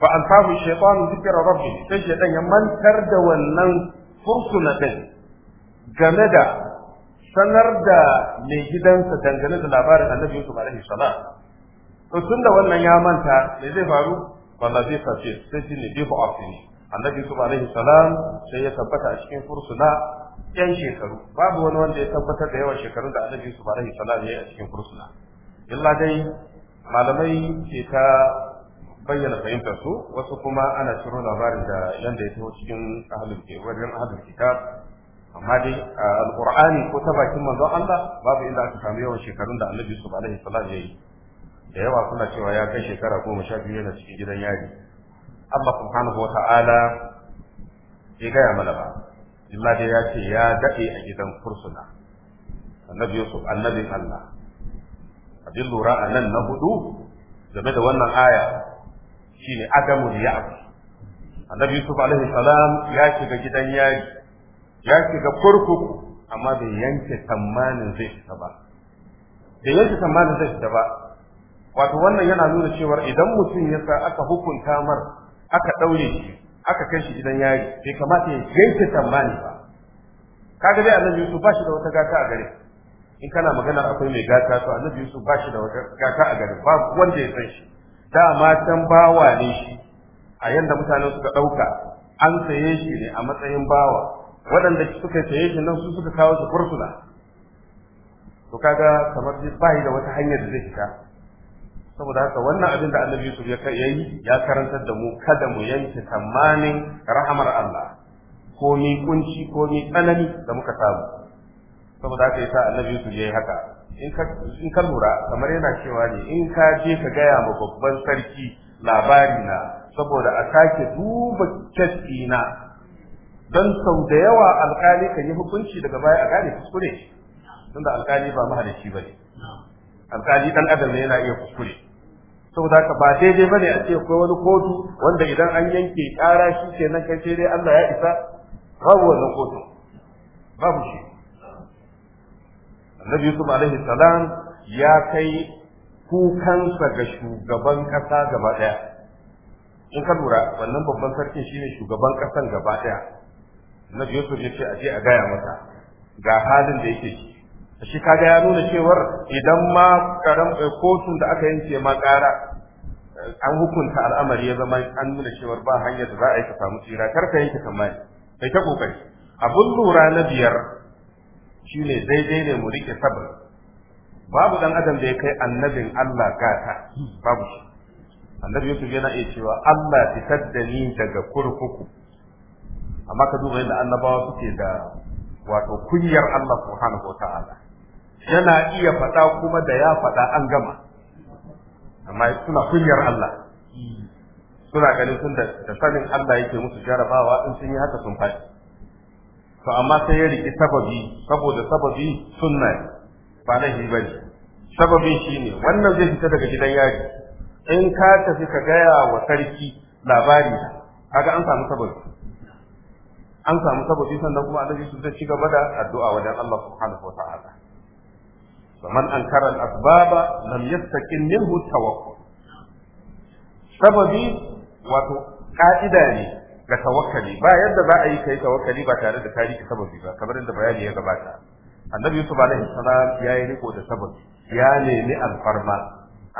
fa alfahu shaytanu dhikra rabbih sai shaytan ya mantar da wannan fursuna din game da sanar da mai gidansa dangane da labarin annabi Yusuf alaihi salam to tun wannan ya manta me zai faru wallahi zai sace sai shi ne bifu afini annabi Yusuf alaihi salam sai ya tabbata a cikin fursuna yan shekaru babu wani wanda ya tabbatar da yawan shekarun da annabi Yusuf alaihi salam ya yi a cikin fursuna illa dai malamai ke ta bayyana fahimtar su wasu kuma ana ciro labarin da yanda ya taho cikin ahlul kitab amma dai alqur'ani ko ta bakin manzon Allah babu inda aka samu yawan shekarun da annabi yusuf alaihi salam ya yi da yawa suna cewa ya kai shekara goma sha biyu yana cikin gidan yari Allah subhanahu wa ta'ala ya gaya mana ba illa dai ya ce ya daɗe a gidan fursuna annabi yusuf annabi Allah abin lura a nan na hudu game da wannan aya shine adamul ya'ab annabi yusuf alaihi salam ya shiga gidan yari ya shiga kurkuku amma bai yanke tsammanin zai fita ba bai yanke tsammanin zai fita ba wato wannan yana nuna cewar idan mutum ya sa aka hukunta mar aka daure shi aka kai shi gidan yari bai kamata ya yanke tsammani ba kaga dai annabi Yusuf ba shi da wata gata a gare in kana magana akwai mai gata to annabi Yusuf ba shi da wata gata a gare ba wanda ya san shi dama can bawa ne shi a yanda mutane suka dauka an saye shi ne a matsayin bawa waɗanda suka saye shi nan su suka kawo su fursuna to kaga kamar ba da wata hanyar da zai fita saboda haka wannan abin da annabi Yusuf ya yi ya karantar da mu kada mu yanke tamanin rahamar Allah ko mi kunci ko mi tsanani da muka samu saboda haka yasa annabi Yusuf ya haka in ka lura kamar yana cewa ne in ka je ka gaya ma babban sarki labari na saboda a sake duba na. don sau da yawa alkali kan yi hukunci daga baya a gane kuskure tunda alkali ba mahalici ba ne alkali dan adam ne yana iya kuskure saboda ka ba daidai ba ne a ce akwai wani kotu wanda idan an yanke ƙara shi ke nan kai dai Allah ya isa babu wannan kotu babu shi annabi Yusuf alaihi salam ya kai kukansa ga shugaban kasa gaba daya in ka lura wannan babban sarkin shine shugaban kasan gaba daya annabi yusuf ya ce a je a gaya masa ga halin da yake shi kaga ya nuna cewar idan ma karam eh, kotun da aka yanke ma kara eh, an hukunta al'amari ya zama an nuna cewar ba hanyar da za a yi ka samu tsira kar ka yanke kamani kai ta kokari abun lura na biyar shine daidai ne mu rike sabar babu dan adam da ya kai annabin Allah gata babu shi annabi Yusuf yana iya cewa Allah fitar da ni daga kurkuku amma ka duba yadda annabawa suke da wato kunyar Allah subhanahu wata'ala yana iya faɗa kuma da ya faɗa an gama amma suna kunyar Allah suna ganin sun da sanin Allah yake musu jarabawa in sun yi haka sun faɗi to amma sai ya riki sababi saboda sababi sunna ba laifi ba sababi shine shi ne wannan zai fita daga gidan yaji in ka tafi ka gaya wa sarki labari kaga an samu sababi an samu sababi sannan kuma annabi su zai ci gaba da addu'a wajen Allah subhanahu wata'ala faman ankara al-asbaba lam yastaqim minhu tawakkul sababi wato ka'ida ne ga tawakkali ba yadda za a yi kai tawakkali ba tare da tarihi sababi ba kamar yadda bayani ya gabata annabi yusuf alaihi salam ya yi riko da sababi ya nemi alfarma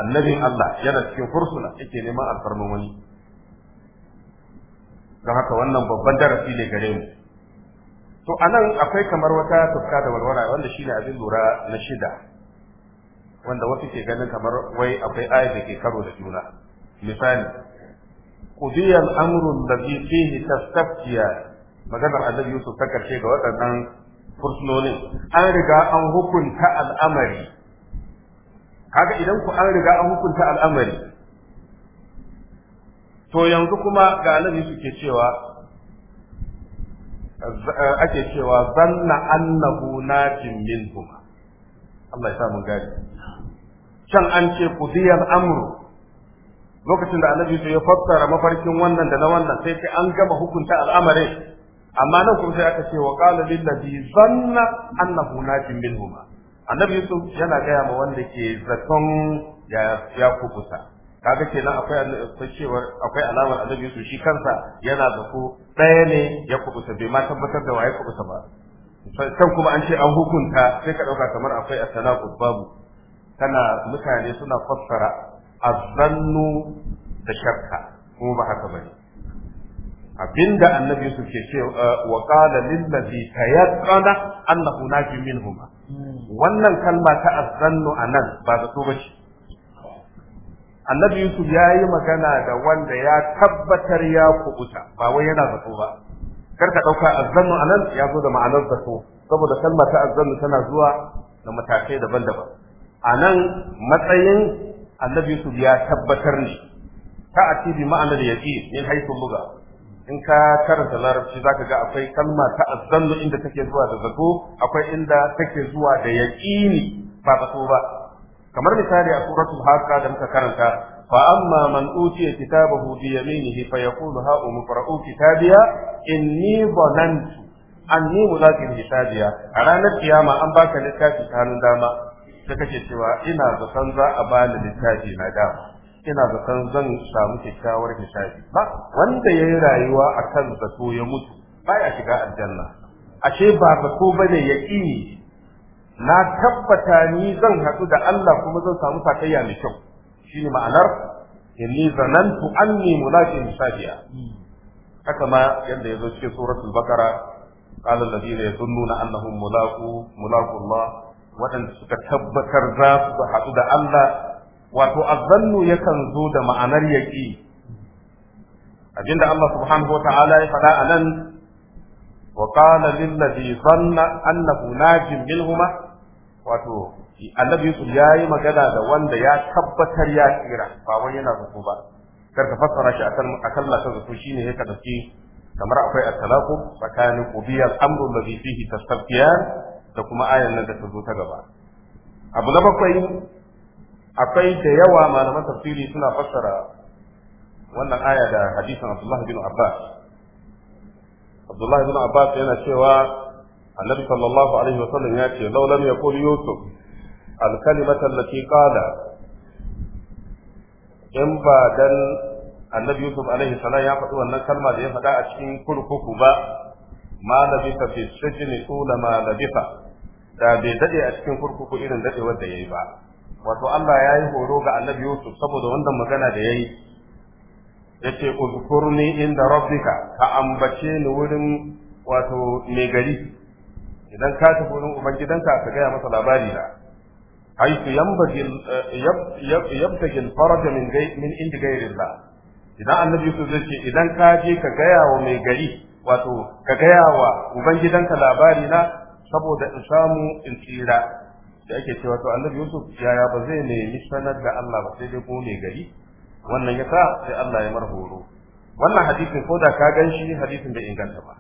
annabin Allah yana cikin fursuna yake neman alfarman wani don haka wannan babban darasi ne gare mu to anan akwai kamar wata tufka da warwara wanda shine abin lura na shida wanda wasu ke ganin kamar wai akwai ayat da ke karo da juna misali qudiya amru alladhi fihi tastafiya maganar annabi Yusuf ta karshe ga waɗannan fursunoni an riga an hukunta al'amari kaga idan ku an riga an hukunta al'amari to yanzu kuma ga annabi suke cewa eh, ake cewa zanna annahu najin minhum Allah ya samu mun can an ce qudiyal amru lokacin da annabi ya fassara mafarkin wannan da na wannan sai sai an gama hukunta al'amare. amma nan kuma sai aka ce wa qala lil ladhi zanna annahu najin minhum annabi sun yana gaya ma wanda ke zaton ya ya kubuta kaga kenan akwai cewar akwai alamar annabi Yusuf shi kansa yana zato ɗaya ne ya kubuta bai ma tabbatar da waye kubuta ba sai kuma an ce an hukunta sai ka ɗauka kamar akwai atanaqud babu kana mutane suna fassara azannu da shakka kuma ba haka bane abinda annabi Yusuf ke ce wa qala lil ladhi tayaqqana annahu najim minhuma hmm. wannan kalma ta azannu anan ba zato bace annabi yusuf ya yi magana da wanda ya tabbatar ya kubuta ba wai yana zato ba kar ka ɗauka azzannu anan ya zo da ma'anar zato saboda kalmar ta azzanu tana zuwa da matakai daban-daban anan matsayin annabi yusuf ya tabbatar ne ta ati bi ma'anar yaqin min haythu buga in ka karanta larabci zaka ga akwai kalma ta azzanu inda take zuwa da zato akwai inda take zuwa da yaqini ba zato ba kamar misali a suratul haqqa da muka karanta fa amma man utiya kitabahu bi yaminihi fa yaqulu ha umqra'u kitabiya inni dhanantu anni mulakin kitabiya a ranar kiyama an baka littafi kanun dama sai kace cewa ina zaton za a bani littafi na dama ina zaton zan samu kyakkyawar kitabi ba wanda yayi rayuwa akan zato ya mutu baya shiga aljanna ashe ba zato bane yaqini na tabbata ni zan haɗu da Allah kuma zan samu sakayya mai kyau shine ma'anar inni zanantu anni mulaqin hisabiya haka ma yadda ya yazo cikin suratul baqara قال الذين يظنون انهم ملاقو ملاقو الله waɗanda suka tabbatar za su haɗu da Allah wato azzannu yakan zo da ma'anar yaƙi abinda Allah subhanahu wa ta'ala ya faɗa a nan wa qala lillazi zanna annahu najin minhuma wato annabi Yusuf ya yi magana da wanda ya tabbatar ya tsira ba wani yana zato ba kar ka fassara shi akan akan lafar zato shine ya kadauki kamar akwai at-talaqu tsakanin qubiyal amru da fihi tastafiyan da kuma ayan nan da ta zo ta gaba abu na bakwai akwai da yawa malaman tafsiri suna fassara wannan aya da hadisin Abdullah bin Abbas Abdullah bin Abbas yana cewa annabi sallallahu alaihi wasallam ya ce law lam yaqul yusuf al kalimata allati qala in ba dan annabi yusuf alaihi salam ya faɗi wannan kalma da ya faɗa a cikin kurkuku ba ma labisa fi sijni tula ma labisa da bai daɗe a cikin kurkuku irin dadewar da yayi ba wato Allah ya yi horo ga annabi yusuf saboda wanda magana da ya yayi yace uzkurni inda rabbika ka ambace ni wurin wato mai gari idan ka tafi wurin ubangidanka ka gaya masa labari na haitu yabtagi faraja min min gairin ghairillah idan annabi su zai ce idan ka je ka gaya wa mai gari wato ka gaya wa ubangidanka labari na saboda in samu in tsira da ake cewa wato annabi yusuf yaya ba zai nemi sanar da Allah ba sai dai ko mai gari wannan yasa sai Allah ya mar horo wannan hadisin ko da ka gan shi hadisin bai inganta ba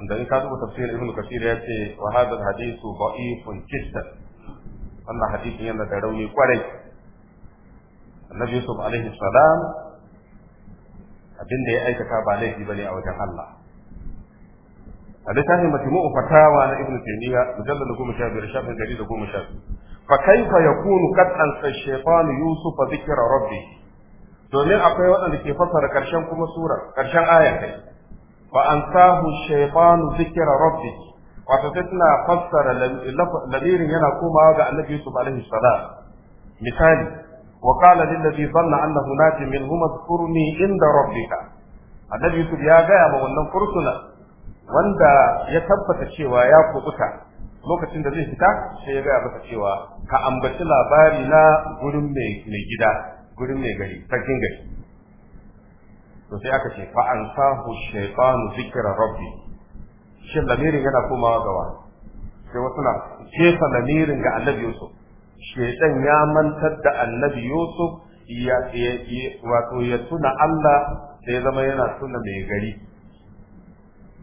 عند ان كاتب تفسير ابن كثير يأتي وهذا الحديث ضعيف جدا أن حديث ينا دروني قري النبي يوسف عليه السلام abin da ya aikata ba laifi bane a wajen Allah a littafin majmu'u fatawa na ibnu taymiya mujallal 15 shafin 110 fa kaifa yakunu qad ansa shaytan yusuf dhikra rabbi domin akwai waɗanda ke fassara karshen kuma sura karshen ayan kai fa ansahu shaytanu dhikra rabbih wato sai suna fassara lamirin yana komawa ga annabi Yusuf alaihi misali wa qala lil ladhi dhanna annahu najim minhum inda rabbika annabi Yusuf ya gaya ma wannan fursuna wanda ya tabbata cewa ya kubuta lokacin da zai fita sai ya gaya masa cewa ka ambaci labari na gurin gurin mai gari sarkin gari to sai aka ce fa an sahu shaytanu zikra rabbi shin lamirin yana komawa wa sai wasu na fa lamirin ga annabi yusuf shaytan ya mantar da annabi yusuf ya wato ya tuna Allah da ya zama yana tuna mai gari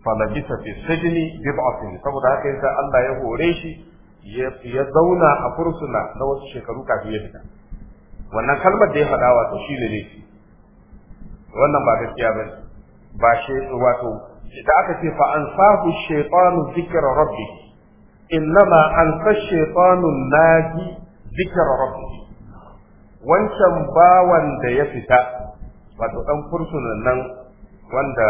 falabisa fi sijni bid'atin saboda haka yasa Allah ya hore shi ya zauna a kursuna na wasu shekaru kafin ya fita wannan kalmar da ya faɗa wato ne ne wannan ba gaskiya bane ba shi wato da aka ce fa an sabu shaytanu zikra rabbih an ansa shaytanu naji zikra rabbi, wancan bawan da ya fita wato dan fursuna nan wanda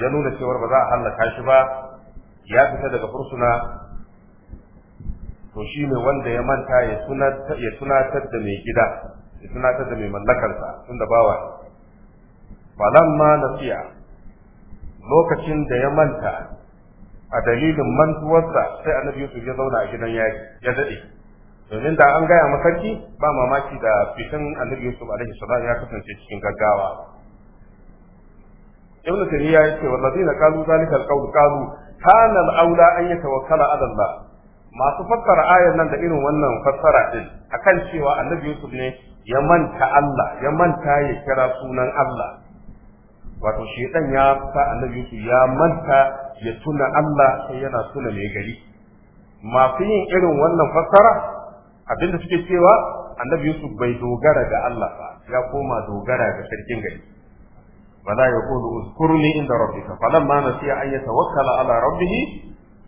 ya nuna cewa ba za a hallaka shi ba ya fita daga fursuna to shi ne wanda ya manta ya tunatar da mai gida ya tunatar da mai mallakarsa tunda bawa falamma nasiya lokacin da ya manta a dalilin mantuwarsa sai annabi Yusuf ya zauna a gidan ya dade domin da an gaya masarki ba mamaki da fitan annabi Yusuf alaihi salam ya kasance cikin gaggawa ibnu tariya yace wallazina qalu zalikal qawl qalu kana al-aula an yatawakkala ala Allah masu fassara ayar nan da irin wannan fassara din akan cewa annabi Yusuf ne ya manta Allah ya manta ya kira sunan Allah wato shedan ya sa annabi Yusuf ya manta ya tuna Allah sai yana tuna mai gari masu yin irin wannan fassara abinda suke cewa annabi Yusuf bai dogara ga Allah ba ya koma dogara ga sarkin gari wala yaqulu uzkurni inda rabbika falamma nasiya an yatawakkala ala rabbih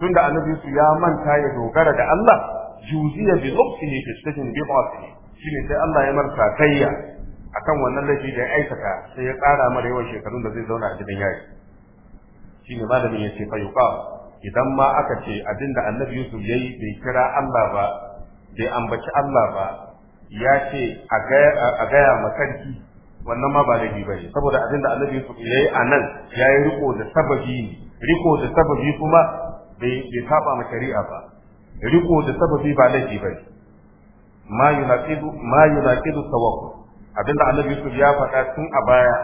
tunda annabi Yusuf ya manta ya dogara ga Allah juziya bi nafsihi fi sijni bi shine sai Allah ya marka kayya akan wannan laifi da ya aikata sai ya ƙara mara yawan shekarun da zai zauna a gidan yari Shi ne malamin ya ce fa yuqal idan ma aka ce abinda annabi Yusuf yayi bai kira Allah ba bai ambaci Allah ba ya ce a gaya ma sarki wannan ma ba laifi bane saboda abinda annabi Yusuf yayi a nan yayi riko da sababi ne riko da sababi kuma bai saba ma shari'a ba riko da sababi ba laifi bane ma yunaqidu ma yunaqidu tawakkul abinda annabi Yusuf ya faɗa tun a baya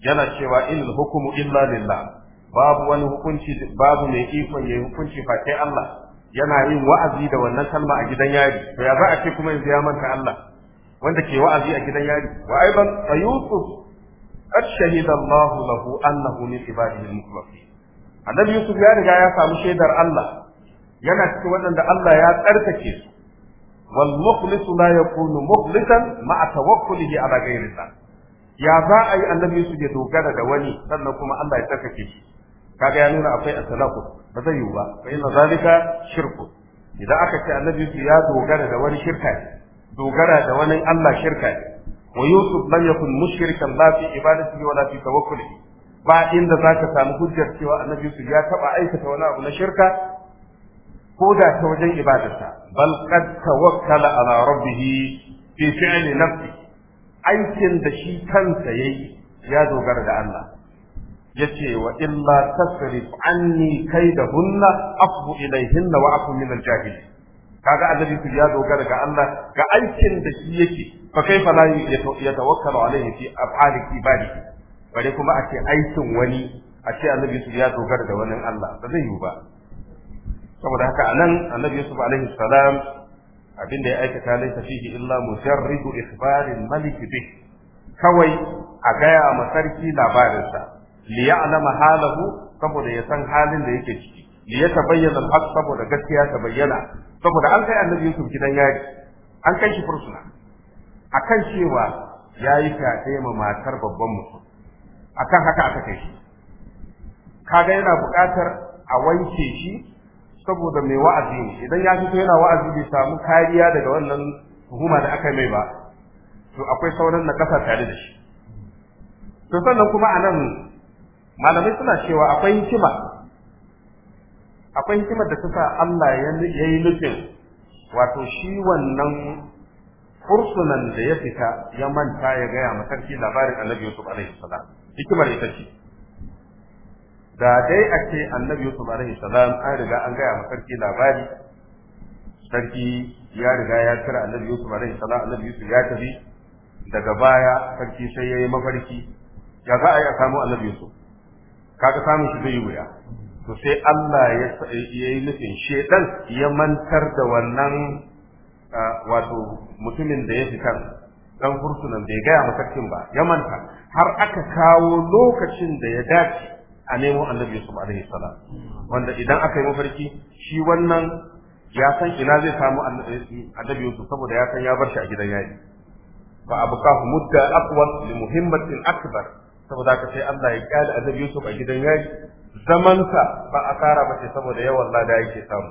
yana cewa inil hukumu illa lillah babu wani hukunci babu mai ikon yayi hukunci face Allah yana yin wa'azi da wannan kalma a gidan yari to ya za a ce kuma yanzu ya manta Allah wanda ke wa'azi a gidan yari wa aiban fa Yusuf qad shahida Allah lahu annahu min ibadihi al-mukhlasin annabi Yusuf ya riga ya samu shaidar Allah yana cikin waɗanda Allah ya tsarkake su wal mukhlis la yakunu mukhlisan ma'a tawakkulihi ala ghairi ya za a yi annabi Yusuf ya dogara da wani sannan kuma Allah ya tsarkake shi kaga ya nuna akwai asalaku ba zai yiwu ba fa inna zalika shirku idan aka ce annabi Yusuf ya dogara da wani shirka dogara da wani Allah shirka wa Yusuf lam yakun mushrikan la fi ibadatihi wala fi tawakkulihi ba inda zaka samu hujjar cewa annabi Yusuf ya taba aikata wani abu na shirka ko da ta wajen ibadarsa bal qad tawakkala ala rabbih fi fi'li nafsi aikin da shi kansa yayi ya dogara da Allah yace wa illa tasrif anni kaidahunna afu ilayhinna wa afu min al-jahil kaga azabi ku ya dogara ga Allah ga aikin da shi yake fa kaifa la yatawakkalu alaihi fi af'ali ibadi. bare kuma a ce aikin wani a ce azabi ya dogara da wani Allah ba zai yiwu ba saboda haka anan annabi yusuf alaihi salam abin da ya aikata laisa fihi illa mujarridu ikhbarin malik bi kawai a gaya ma sarki labarinsa li ya'lama halahu saboda ya san halin da yake ciki li ya tabayyana al-haq saboda gaskiya ta bayyana saboda an kai annabi yusuf gidan yari an kai shi fursuna akan cewa yayi fyaɗe ma matar babban mutum akan haka aka kai shi kaga yana buƙatar a wanke shi saboda mai wa'azi ne idan ya fito yana wa'azi bai samu kariya daga wannan tuhuma da aka mai ba to akwai sauran na kasa tare da shi to sannan kuma a nan malamai suna cewa akwai hikima akwai hikimar da ta Allah ya yi nufin wato shi wannan fursunan da ya fita ya manta ya gaya ma sarki labarin annabi Yusuf alaihi salam hikimar ita ce da dai a ce annabi yusuf alaihi salam an riga an gaya ma sarki labari sarki ya riga ya kira annabi yusuf alaihi salam annabi yusuf ya tafi daga baya sarki sai ya yi mafarki ya za a yi a samu annabi yusuf kaga samun shi zai wuya to sai Allah ya yi nufin shedan ya mantar da wannan wato mutumin da ya fitar dan fursunan bai gaya masarkin ba ya manta har aka kawo lokacin da ya dace a nemo annabi yusuf alaihi salam wanda idan aka yi mafarki shi wannan ya san ina zai samu annabi yusuf saboda ya san ya bar shi a gidan yayi fa abqahu mudda aqwa li muhimmatin akbar saboda ka sai Allah ya kyale annabi yusuf a gidan yayi zamansa ba a tsara ba ce saboda yawan lada yake samu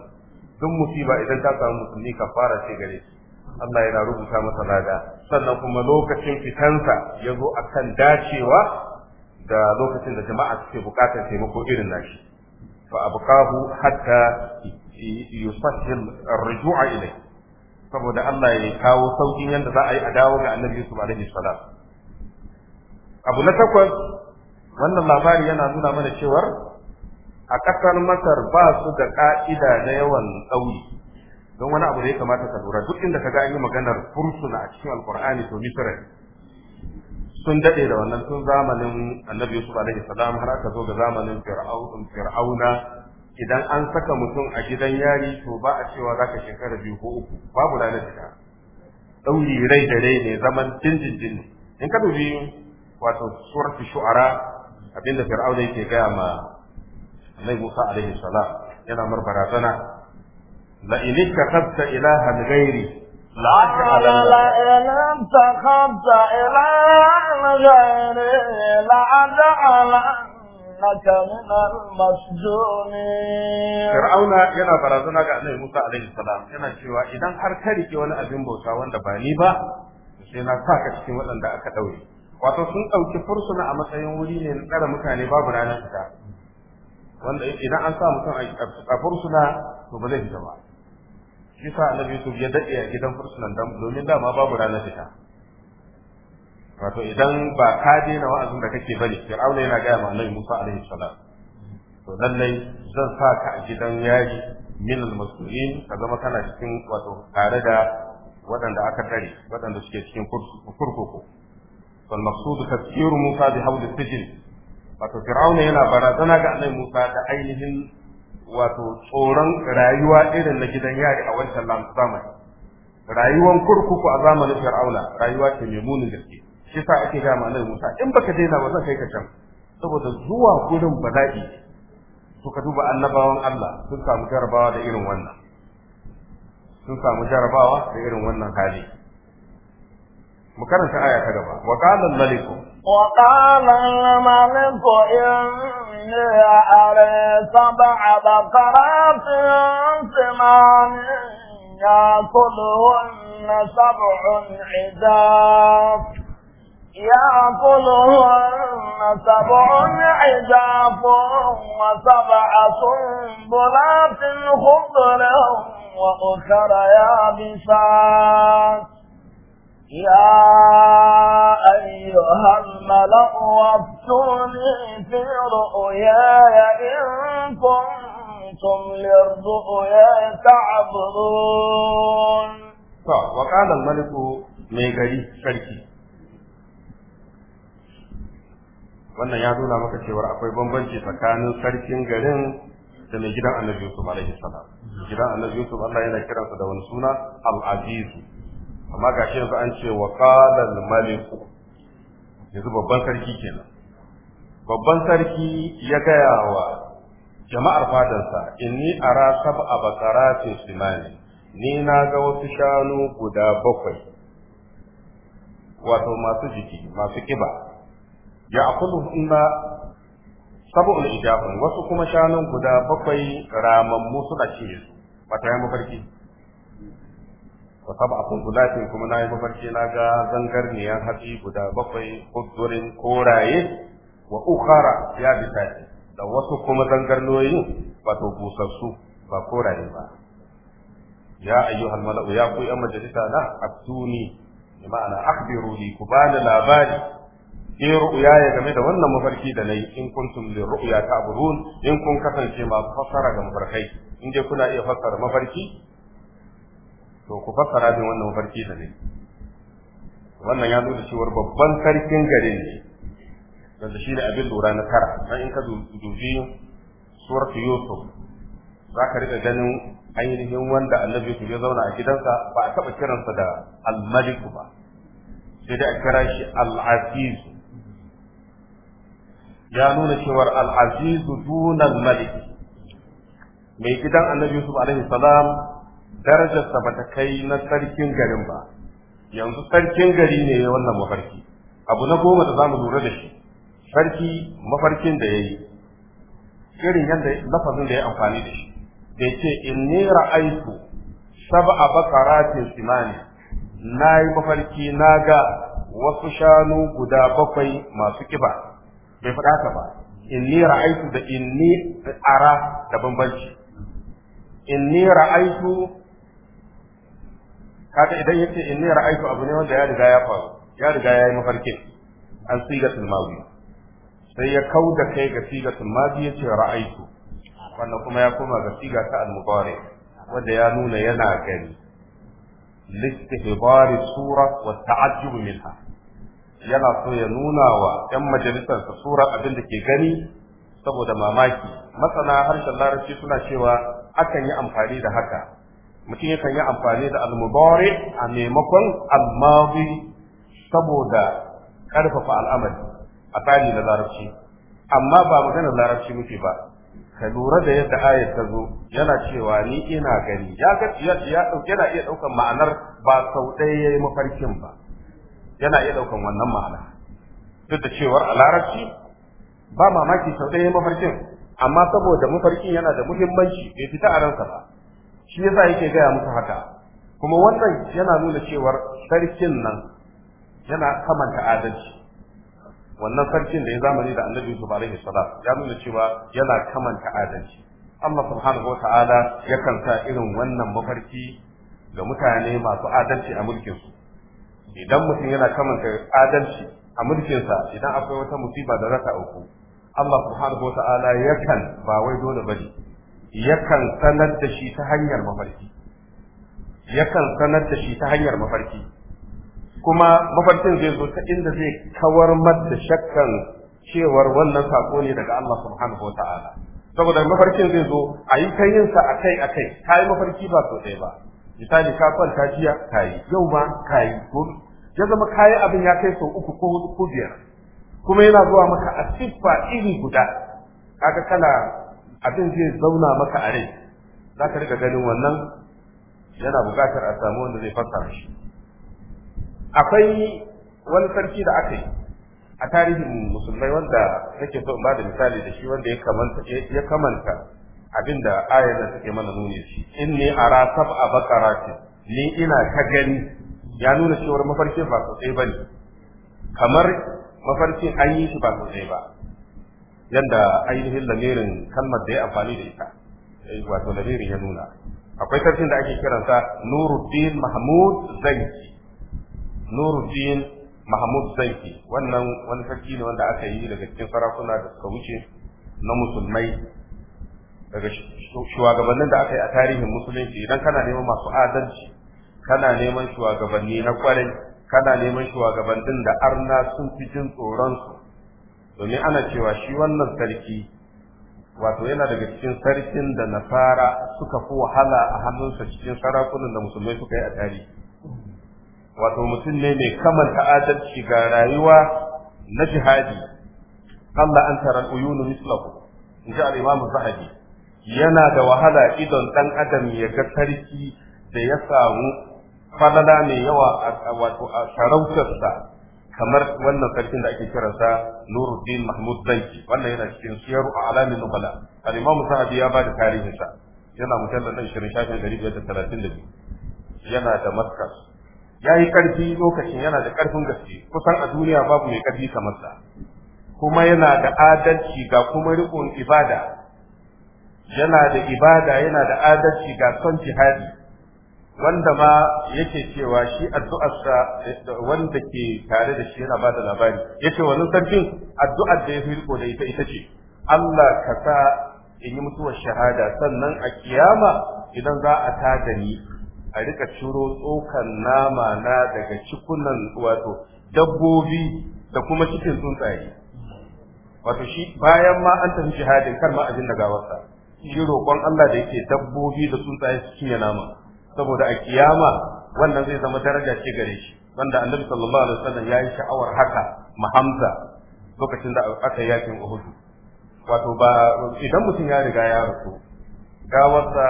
duk musiba idan ta samu musulmi kafara ce gare shi Allah yana rubuta masa lada sannan kuma lokacin fitansa ya zo akan dacewa da lokacin da jama'a suke bukatar taimako irin nashi fa abqahu hatta yusahhil ar-ruju'a ilayhi saboda Allah ya kawo saukin yadda za a yi a dawo ga Annabi Yusuf alaihi salam abu na takwas wannan labari yana nuna mana cewar a ƙasar Masar ba su da ka'ida na yawan tsauri don wani abu da ya kamata ka lura duk inda ka ga an yi maganar fursuna a cikin Alƙur'ani to Misra sun daɗe da wannan tun zamanin annabi yusuf alaihi salam har aka zo ga zamanin fir'auna idan an saka mutum a gidan yari to ba a cewa zaka shekara biyu ko uku babu ranar Ɗauyi ɗauri rai da rai ne zaman dindindin in ka dubi wato suratul shu'ara abinda fir'auna yake gaya ma annabi musa alaihi salam yana mar barazana la in katabta ilahan ghairi قال لئن اتخذت إلها غيري لأجعلنك من المسجونين فرعون ينا برازنا قال موسى عليه السلام ينا شوى إذا هركرك وانا ba بوسى وانا باني با سينا ساكا شكي وانا دا أكتوي wato sun ɗauki fursuna a matsayin wuri ne na tsara mutane babu ranar fita wanda idan an sa mutum a fursuna to ba zai fita ba yasa annabi Yusuf ya dade a gidan fursunan dam domin dama babu ranar fita wato idan ba ka daina wa'azin da kake bane Fir'auna yana gaya ma annabi Musa alaihi salam to lallai zan sa ka a gidan yari min al-mas'ulin ka zama kana cikin wato tare da waɗanda aka tare waɗanda suke cikin kurkuku fal maqsud tafsir Musa bi da sijn wato Fir'auna yana barazana ga annabi Musa da ainihin wato tsoron rayuwa irin na gidan yari a wancan zamani rayuwan kurkuku a zamanin fir'auna rayuwa ce mai munin gaske shi sa ake ga manar musa in baka daina ba zan kai ka can saboda zuwa gurin bala'i to ka duba annabawan Allah sun samu jarabawa da irin wannan sun samu jarabawa da irin wannan hali mu karanta aya ta gaba wa qala al-malik wa qala al-malik وجعلنا على سبع بقرات سمان يأكلهن سبع عجاف يأكلهن سبع عجاف وسبع سنبلات خضر وأخر يابسات يا أيها الملأ وابتوني في رؤياي إن كنتم للرؤيا تعبدون وقال الملك ميغري شركي wannan ya nuna maka cewar akwai bambanci tsakanin sarkin garin da mai gidan annabi Yusuf alaihi salam gidan annabi Yusuf Allah yana kiransa da wani suna al amma ga shi yanzu an ce wa qalal malik yanzu babban sarki kenan babban sarki ya gaya wa jama'ar fadansa inni ara sab'a baqaratin simani ni na ga wasu shanu guda bakwai wato masu jiki masu kiba ya inna sabu'ul ijafin wasu kuma shanun guda bakwai ramammu suna ce su ba yi mafarki wa sab'a sunbulatin kuma yi mafarki na ga zangarniyan hatsi guda bakwai kudurin koraye wa ukhara ya bitati da wasu kuma zangarnoyin wato busassu ba koraye ba ya ayyuhal mala'u ya ku yan majalisa na abduni bi ma'ana akhbiruni ku bani labari in ru'ya ya game da wannan mafarki da nayi in kuntum li ru'ya ta'burun in kun kasance masu fassara ga mafarkai in dai kuna iya fassara mafarki to ku fassara min wannan mafarki da ne wannan ya nuna cewar babban sarkin gari ne wanda shi ne abin lura na tara dan in ka dubi suratu yusuf za ka riga ganin ainihin wanda annabi yusuf ya zauna a gidansa ba a taɓa kiransa da almaliku ba sai dai a kira shi al'aziz ya nuna cewar al'aziz dunan malik mai gidan annabi yusuf alaihi salam darajarsa ba ta kai na sarkin garin ba yanzu sarkin gari ne ya wannan mafarki abu na goma da zamu lura da shi sarki mafarkin da ya yi irin yadda lafazin da ya amfani da shi da ya ce inni ra'aitu sab'a bakaratin simani na yi mafarki na ga wasu shanu guda bakwai masu kiba bai faɗa ka ba inni ra'aitu da inni ara da bambanci inni ra'aitu kaga idan yace inni ra'aytu abu ne wanda ya riga ya faru ya riga ya yi mafarkin an sigatul madi sai ya kauda kai ga sigatul madi yace ra'aytu wannan kuma ya koma ga siga ta al-mudari wanda ya nuna yana gani listihdari sura wa ta'ajjub minha yana so ya nuna wa ‘yan sa sura abin da ke gani saboda mamaki masana harshen larabci suna cewa akan yi amfani da haka mutum yakan yi amfani da al a maimakon al-madi saboda karfafa al'amari a tsari na larabci amma ba mu magana larabci muke ba ka lura da yadda ayar ta zo yana cewa ni ina gani ya ga ya yana iya ɗaukan ma'anar ba sau ɗaya yayi mafarkin ba yana iya ɗaukan wannan ma'ana duk da cewar a larabci ba mamaki sau ɗaya mafarkin amma saboda mafarkin yana da muhimmanci bai fita a ransa ba shi yasa yake gaya musu haka kuma wannan yana nuna cewar sarkin nan yana kamanta adalci wannan sarkin da ya zamani da annabi Yusuf alaihi salam ya nuna cewa yana kamanta adalci Allah subhanahu wa ta'ala yakan sa irin wannan mafarki ga mutane masu adalci a mulkin su idan mutum yana kamanta adalci a mulkinsa idan akwai wata musiba da rasa uku Allah subhanahu wa ta'ala yakan ba wai dole bane yakan sanar da shi ta hanyar mafarki yakan sanar da shi ta hanyar mafarki kuma mafarkin zai zo ta inda zai kawar mata shakkan cewar wannan sako ne daga Allah subhanahu wa saboda mafarkin zai zo a yi ta akai a kai yi mafarki ba so ɗaya ba misali ka kwanta jiya ka yi yau ma ka yi ya zama ka abin ya kai sau uku ko hudu biyar kuma yana zuwa maka a siffa iri guda kaga kana abin zai zauna maka a rai za ka riga ganin wannan yana bukatar a samu wanda zai fassara shi akwai wani sarki da aka yi a tarihin musulmai wanda nake so in ba da misali da shi wanda ya kamanta ya kamanta abinda ayar da take mana nuni shi a ara a baqaratin ni ina ta gani ya nuna cewar mafarkin ba sosai bane kamar mafarkin an yi shi ba sosai ba yanda ainihin lamirin kalmar da ya amfani da ita eh, wato lamirin ya nuna akwai sarkin da ake kiransa Nuruddin Mahmud Zanki Nuruddin Mahmud Zanki wannan wani sarki ne wanda aka yi daga cikin sarakuna da suka wuce na musulmai daga shugabannin da aka yi a tarihin musulunci idan kana neman masu adalci kana neman shugabanni na kwarai kana neman shugabannin da arna sun fi jin tsoron su domin ana cewa shi wannan sarki wato yana daga cikin sarkin da nasara suka fi wahala a hannunsa cikin sarakunan da musulmai suka yi a tarihi wato mutum ne mai kamanta adalci ga rayuwa na jihadi Allah an tara uyunu mislahu in ji al-Imam Zahabi yana da wahala idon dan adam ya ga sarki da ya samu falala mai yawa wato a sarautarsa kamar wannan sarkin da ake kiransa Nuruddin Mahmud Zanki wannan yana cikin siyaru a alamin nubala al-Imam Sa'di ya bada tarihinsa yana nan shirin shafin da biyu. yana da Ya yayi karfi lokacin yana da karfin gaske kusan a duniya babu mai ƙarfi kamar sa kuma yana da adalci ga kuma riƙon ibada yana da ibada yana da adalci ga son jihadi wanda ma yake cewa shi addu'arsa wanda ke tare da shi yana bada labari yace wannan sarkin addu'ar da ya fi riko da ita ita ce Allah ka sa in yi mutuwar shahada sannan a kiyama idan za a ta gani a rika ciro tsokan nama na daga cikunan wato dabbobi da kuma cikin tsuntsaye wato shi bayan ma an tafi jihadin kar ma a jin da gawarsa shi roƙon Allah da yake dabbobi da tsuntsaye su cinye nama saboda a kiyama wannan zai zama daraja ce gare shi wanda annabi sallallahu alaihi wasallam ya yi sha'awar haka mu Hamza lokacin da aka yi yakin Uhud wato ba idan mutum ya riga ya rasu gawarsa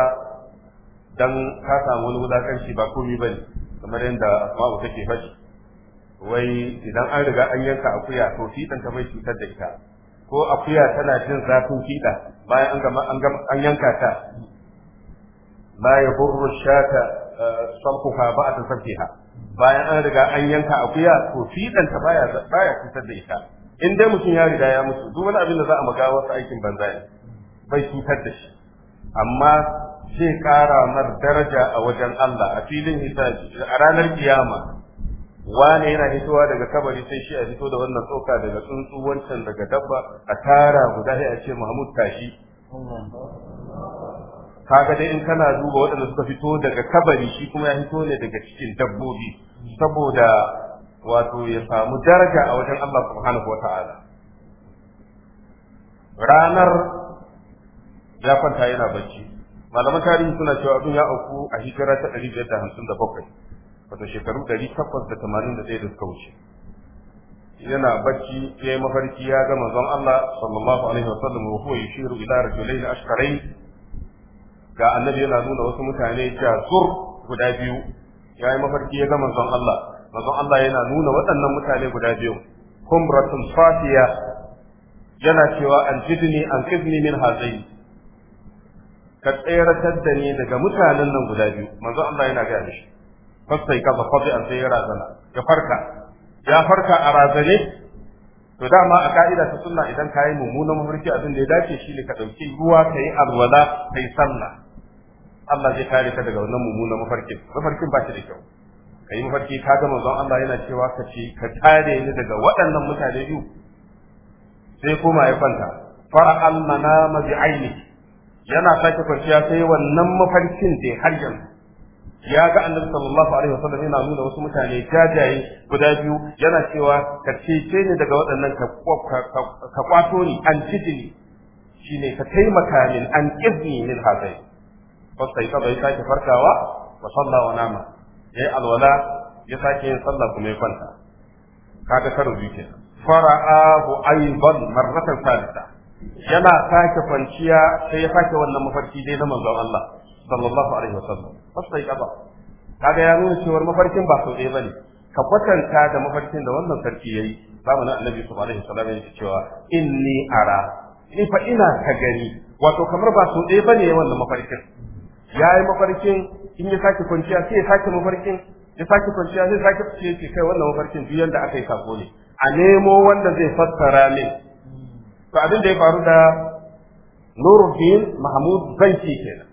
dan ka samu wani shi ba komai bane kamar yadda Asma'u take faɗi wai idan an riga an yanka akuya to fitan ta mai cutar da ita ko akuya tana jin zafin fiɗa bayan an gama an yanka ta la yadurru shata sabquha ba'da sabqiha bayan an riga an yanka akuya to fidan ta baya baya da ita in dai mutum ya riga ya mutu duk wani abin da za a maga wasu aikin banza ne bai cutar da shi amma zai kara mar daraja a wajen Allah a filin hisabi a ranar kiyama wane yana hitowa daga kabari sai shi a fito da wannan tsoka daga tsuntsu wancan daga dabba a tara guda sai a ce Muhammad tashi kaga dai in kana duba waɗanda suka fito daga kabari shi kuma ya fito ne daga cikin dabbobi saboda wato ya samu daraja a wajen Allah subhanahu wa ta'ala ranar ya kwanta yana bacci malaman tarihi suna cewa abin ya auku a shekara ta bakwai, wato shekaru takwas da suka wuce yana bacci ya yi mafarki ya ga manzon Allah sallallahu alaihi wasallam wa huwa yushiru ila rajulaini ashqarain ga annabi yana nuna wasu mutane jasur guda biyu ya yi mafarki ya ga manzon Allah manzon Allah yana nuna waɗannan mutane guda biyu kumratun fatiya yana cewa an jidni an kizni min hazai ka tseratar da ni daga mutanen nan guda biyu manzon Allah yana ga shi fasai ka ba fadi an sai ya razana ya farka ya farka a razane to dama a ka'ida ta sunna idan ka yi mummunan mafarki abin da ya dace shine ka ɗauki ruwa ka yi alwala ka yi sallah Allah zai kare ka daga wannan mummunan mafarkin mafarkin ba shi da kyau kai mafarki ka ga manzon Allah yana cewa ka ce ka kare ni daga waɗannan mutane biyu sai koma ya kwanta fara'al manama bi aini yana sake kwanciya sai wannan mafarkin da har yanzu ya ga annabi sallallahu alaihi wasallam yana nuna wasu mutane jajaye guda biyu yana cewa ka cece ni daga waɗannan ka kwato ni an ciji ni shine ka taimaka min an kizni min hazai fasai ta bai sake farkawa wa sallah wa nama yayi alwala ya sake yin sallah kuma ya kwanta kaga karo biyu kenan fara'ahu aidan marratan salisa yana sake kwanciya sai ya sake wannan mafarki dai na manzon Allah sallallahu alaihi wasallam fasai kaza kaga ya nuna cewar mafarkin ba sau ɗaya bane ka kwatanta da mafarkin da wannan sarki yayi zamanin annabi sallallahu alaihi wasallam yake cewa inni ara ni fa ina ka gani wato kamar ba sau ɗaya bane wannan mafarkin ya yi mafarkin in ya sake kwanciya sai ya sake mafarkin ya sake kwanciya sai sake fice yake kai wannan mafarkin duk yanda aka yi sako ne a nemo wanda zai fassara min to abin da ya faru da Nuruddin Mahmud Zanki kenan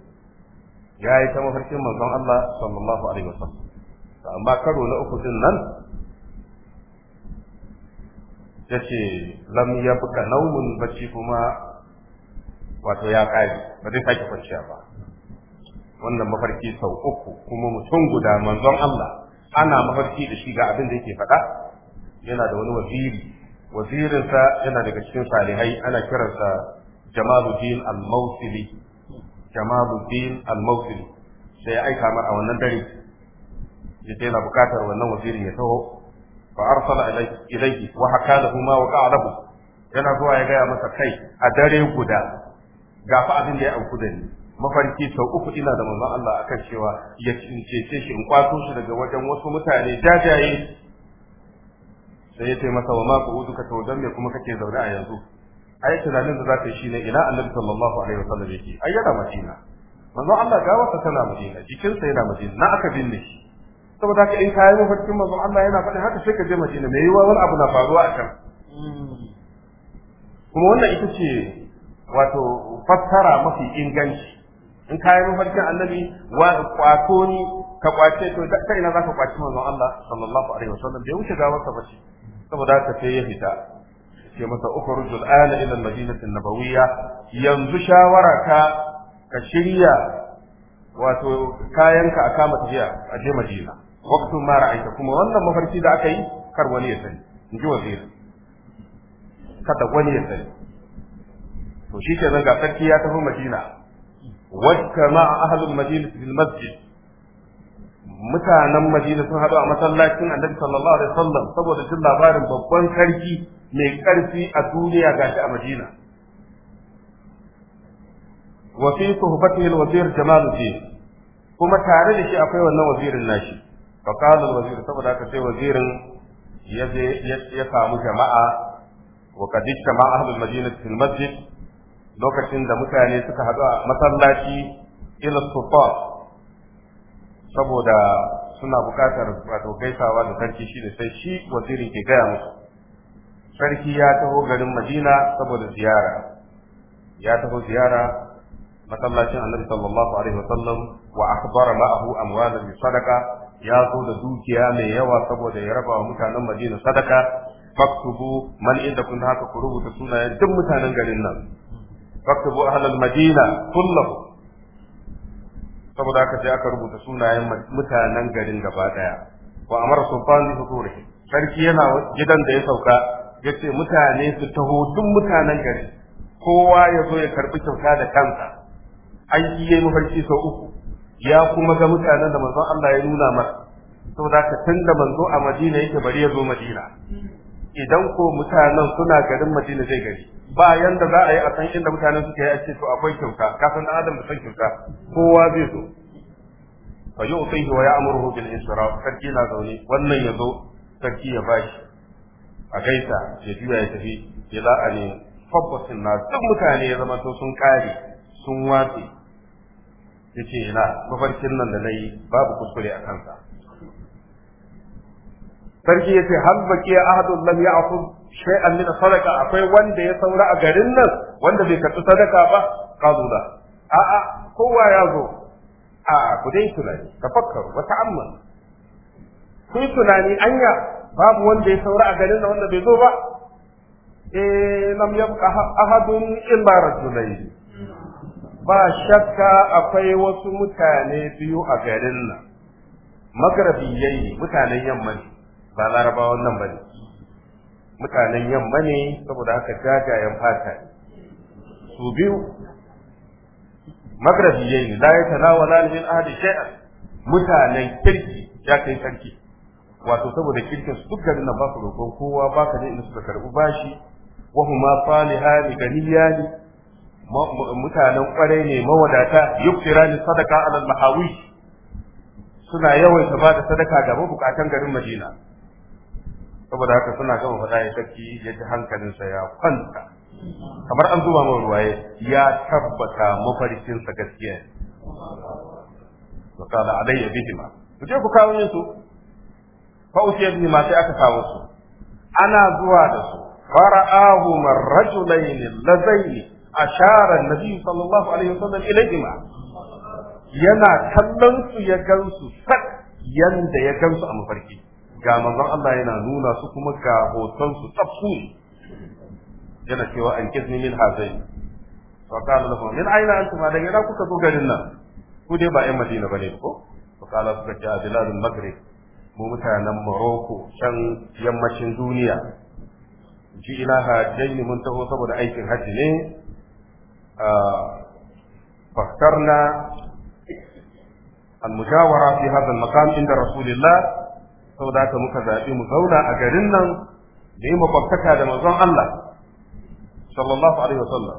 ya yi ta mafarkin manzon Allah sallallahu alaihi wasallam amma karo na uku din nan yace lam yabka naumun bacci kuma wato ya kare ba zai sake kwanciya ba wannan mafarki sau uku kuma mutum guda manzon Allah ana mafarki da shi ga abin da yake faɗa yana da wani waziri wazirinsa yana daga cikin salihai ana kiransa Jamaluddin Al-Mawsili Jamaluddin Al-Mawsili sai ya aika mar a wannan dare ya ce yana bukatar wannan wazirin ya taho fa arsala ilayhi wa haka ma waqa'a lahu yana zuwa ya gaya masa kai a dare guda ga fa abin da ya auku da ni mafarki sau uku ina da manzon Allah akan cewa ya ce shi in kwato shi daga wajen wasu mutane jajaye sai ya taimaka masa wa ma ku uzu ka tawadan me kuma kake zaune a yanzu ai tunanin da za ta yi ne, ina annabi sallallahu alaihi wasallam yake ai yana madina manzon Allah wata tana madina jikinsa yana madina na aka binne shi saboda haka in kayan mafarkin manzon Allah yana faɗi haka sai ka je madina me yiwa wani abu na faruwa a can hmm. kuma wannan ita ce wato fassara mafi inganci in ka yi mafarkin annabi wa kwato ni ka kwace to ta ina za ka kwaci manzon Allah sallallahu alaihi wasallam bai wuce gawar ka bace saboda haka sai ya fita ce masa ukhruj al-ana ila al-madinati an-nabawiyya yanzu shawara ka ka shirya wato kayanka a kama jiya a je Madina waqtun ma ra'aita kuma wannan mafarki da aka yi kar wani ya sani in ji waziri kada wani ya sani to shi ke ga sarki ya tafi Madina واجتمع أهل المدينة في المسجد mutanen Madina sun haɗu a masallacin Annabi sallallahu alaihi wasallam saboda jin labarin babban sarki mai ƙarfi a duniya gashi a Madina wa fi suhbatihi al-wazir Jamaluddin kuma tare da shi akwai wannan wazirin nashi fa qala wazir saboda haka sai wazirin ya je samu jama'a wa qad ijtama ahlul madinati masjid lokacin da mutane suka haɗu a masallaci ila sultan saboda suna buƙatar wato gaisawa da sarki shi da sai shi wazirin ke gaya musu sarki ya taho garin madina saboda ziyara ya taho ziyara masallacin annabi sallallahu alaihi sallam wa akhbara ma'ahu amwalan bi sadaqa ya zo da dukiya mai yawa saboda ya raba wa mutanen Madina sadaka faktubu man inda kun haka ku rubuta sunayen duk mutanen garin nan faktabu ahlal madina kullahu saboda haka sai aka rubuta sunayen mutanen garin gaba daya wa amara sultan bi futurihi sarki yana gidan da ya sauka ya ce mutane su taho duk mutanen gari kowa ya zo ya karbi kyauta da kansa an yi yayi mafarki sau uku ya kuma ga mutanen da manzon Allah ya nuna masa saboda ka tun da manzo a Madina yake bari ya zo Madina idan ko mutanen suna garin Madina zai gari ba yanda za a yi a san inda mutanen suke yi a ce to akwai kyauta ka san dan adam da san kyauta kowa zai zo. fa yu'tihi wa ya'muruhu bil isra sarki na zaune wannan ya zo sarki ya bashi a gaita ya juya ya tafi ya za a ne fabbatin na duk mutane ya zama to sun kare sun watse ya ce ina mafarkin nan da na yi babu kuskure a kansa sarki yace hal baki ahadun lam ya'khud shay'an min sadaqa akwai wanda ya saura a garin nan wanda bai karɓi sadaka ba kazo da a a kowa ya zo a ku dai tunani tafakkaru wa ta'ammal ku tunani anya babu wanda ya saura a garin nan wanda bai zo ba eh lam yabqa ahadun illa rajulayn ba shakka akwai wasu mutane biyu a garin nan magarabi mutanen yamma ne ba larabawan nan ba ne mutanen yamma ne saboda haka jajayen fata su biyu magrabiyai ne ta ya tanawala min ahadi shay'an mutanen kirki ya kai sarki wato saboda kirkin su duk garin ba su roƙon kowa ba ka ne in suka karɓi bashi wa huma salihani ne. mutanen kwarai ne mawadata yuktirani sadaka alal mahawi suna yawaita ba da sadaka ga mabukatan garin Madina saboda haka suna gama faɗa ya sarki ya ji hankalinsa ya kwanta kamar an zuba mai ruwaye ya tabbata mafarkinsa gaskiya ne wa qala alayya bihima ku je ku kawo yin su fa usiya bihima sai aka kawo su ana zuwa da su fara'ahu marrajulaini lazaini ashara annabi sallallahu alaihi wasallam ilayhima yana kallon su ya gansu sak yanda ya gansu a mafarki ga manzon Allah yana nuna su kuma ga hoton su tsaffu yana cewa an kizni min hazai fa qala lahu min aina antum da kuka zo garin nan ku dai ba ƴan Madina bane ko fa qala suka ce biladul maghrib mu mutanen Morocco can yammacin duniya ji ilaha jayni mun taho saboda aikin hajji ne فاخترنا المجاورة في هذا المقام عند رسول الله saboda haka muka zaɓi mu zauna a garin nan da yi makwabtaka da manzon Allah sallallahu alaihi wasallam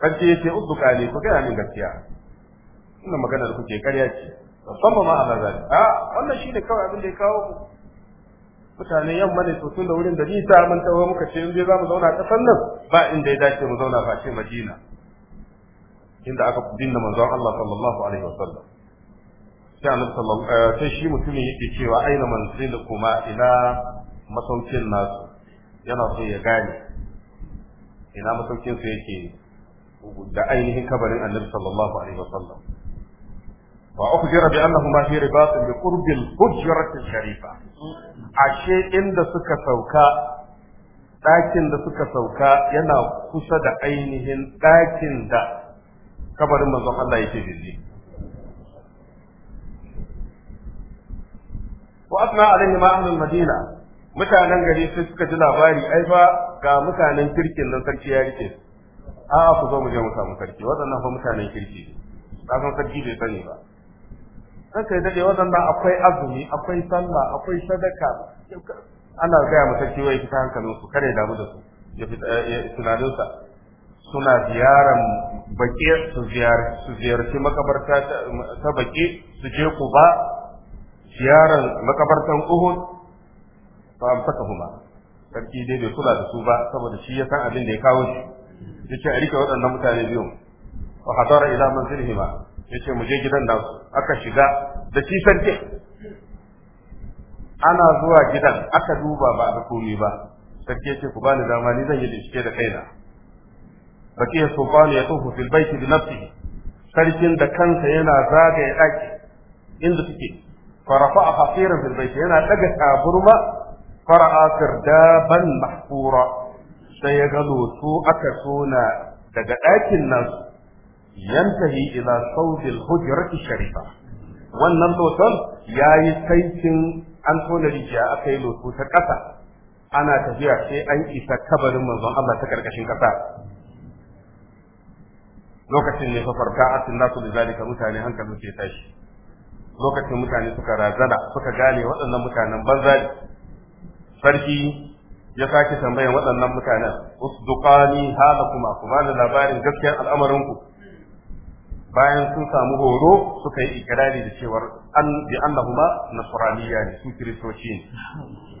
kace yace udduka ne ku ga amin gaskiya ina magana da kuke ƙarya ce musamman ma a bazari a ah, wannan shine kawai abin da ya kawo ku mutane yamma ne sosai da wurin da nisa mun tawo muka ce in dai za mu zauna a ƙasar nan ba inda ya dace mu zauna ba ce Madina inda aka dinda manzon Allah sallallahu alaihi wasallam sai annabi sallallahu eh, sai shi mutumin yake cewa aina manzilu kuma ina masaukin nasu yana so ya gane ina masaukin su yake da ainihin kabarin annabi sallallahu alaihi wasallam wa ukhbira bi annahuma fi ribatin bi qurbi al-hujrat al-sharifa ashe inda suka sauka ɗakin da suka sauka yana kusa da ainihin ɗakin da kabarin manzon Allah yake dinne wa asna alaihi ma ahlul madina mutanen gari sai suka ji labari ai fa ga mutanen kirkin nan sarki ya rike a ku zo mu je mu samu sarki waɗannan fa mutanen kirki ne ba san sarki bai sani ba sai kai dade waɗannan akwai azumi akwai sallah akwai sadaka ana gaya mu sarki wai fita hankalin su kare damu da su ya fita eh, eh, tunaninsa suna ziyaran baƙi su ziyarci makabarta ta baƙi su je ku ba ziyaran makabartan Uhud fa huma, sarki dai bai kula da su ba saboda shi ya san abin da ya kawo shi yace a rike waɗannan mutane biyu wa hadara ila manzilihima yace mu je gidan da aka shiga da shi sarki ana zuwa gidan aka duba ba a komai ba sarki yace ku bani dama ni zan yi bincike da kaina bakiya sultan ya tofu fil baiti bi nafsihi sarkin da kansa yana zagaye daki inda suke فرفع فقيرا في البيت هنا لقى تابرما فرأى سردابا محفورا سيغلو سوء كسونا دقائك الناس ينتهي إلى صوت الهجرة الشريفة wannan loton ya yi saitin an tona rijiya a kai ta ƙasa ana tafiya sai an isa kabarin manzon Allah ta ƙarƙashin ƙasa lokacin ne fa farka asin nasu da mutane hankalin ke tashi lokacin mutane suka razana suka gane waɗannan mutanen banza ne sarki ya sake tambayan waɗannan mutanen usduqani hala kuma kuma da labarin gaskiyar al'amarin bayan sun samu horo suka yi ikirari da cewar an bi annahuma nasraniya ne su kiristoci ne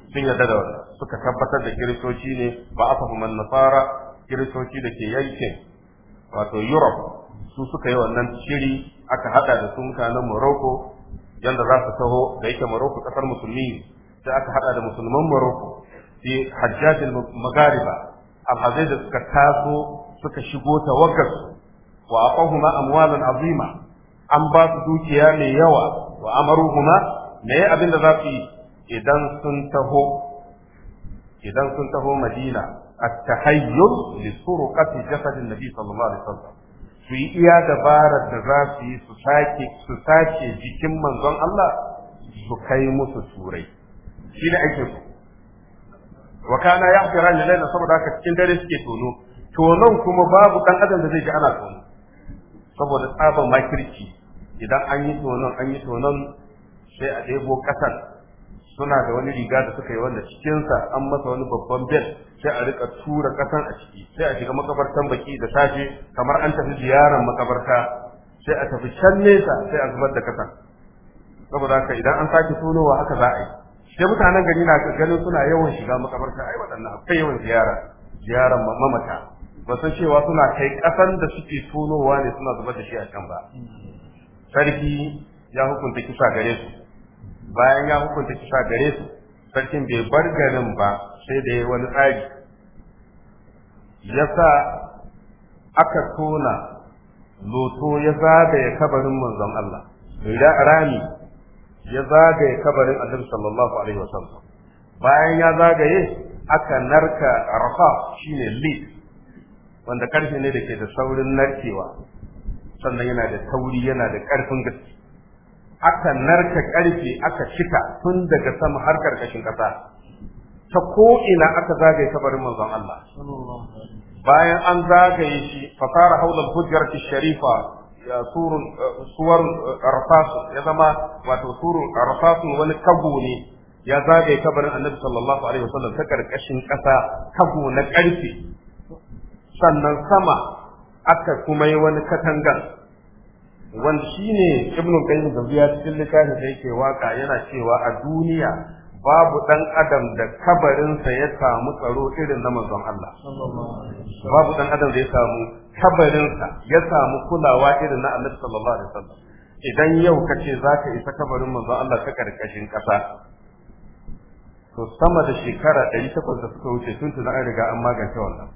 sun yarda da wannan suka tabbatar da kiristoci ne ba aka kuma nasara kiristoci da ke yankin wato europe su suka yi wannan shiri aka hada da su mutanen morocco yanda za su taho da yake maroko kasar musulmi sai aka hada da musulman maroko fi hajjaj magariba alhazai da suka taso suka shigo tawakkal wa aqahuma amwalan azima an ba su dukiya mai yawa wa amaruhuma me abin da za su yi idan sun taho idan sun taho Madina at-tahayyul li surqati jasadin nabi sallallahu alaihi wasallam su yi iya dabarar da za su yi su sake sace jikin manzon Allah su kai musu turai shi ne ake su wa kana ya fira ne laila saboda haka cikin dare suke tono tonon kuma babu ɗan adam da zai ji ana tono saboda tsaban makirci idan an yi tonon an yi tonon sai a ɗebo ƙasar suna da wani riga da suka yi wanda cikinsa an masa wani babban bel sai a rika tura kasan a ciki sai a shiga makabartan baki da safe kamar an tafi ziyaran makabarta sai a tafi can nesa sai a zubar da kasan saboda haka idan an sake tonowa haka za a yi sai mutanen gari na ganin suna yawan shiga makabarta ai waɗannan akwai yawan ziyara ziyaran mamata ba san cewa suna kai kasan da suke tonowa ne suna zubar da shi a can ba sarki ya hukunta kisa gare su bayan ya hukunta kisa gare su sarkin bai bar garin ba sai da ya wani tsari ya sa aka tona loto ya zagaye kabarin manzon Allah rami ya zagaye kabarin annabi sallallahu alaihi wasallam bayan ya zagaye aka narka arfa shine lead wanda karfe ne da ke da saurin narkewa sannan yana da tauri yana da karfin gaske aka narka ƙarfe aka cika tun daga sama har karkashin ƙasa ta ko'ina aka zagaye kabarin manzon Allah bayan an zagaye shi fasara haular hujjar sharifa surun eh, suwar eh, ya zama wato surun arfasu wani kago ne ya zagaye kabarin annabi sallallahu alaihi wasallam ta karkashin ƙasa kago na ƙarfe sannan sama aka kuma yi wani katangan wanda ne ibn qayyim biya cikin littafin da yake waka yana cewa a duniya babu dan adam da kabarinsa ya samu tsaro irin na manzon Allah babu dan adam da ya samu kabarinsa ya samu kulawa irin na Annabi sallallahu alaihi wasallam idan yau kace zaka isa kabarin manzon Allah ta karkashin kasa to sama da shekara ɗari takwas da suka wuce tun tuna an riga an magance wannan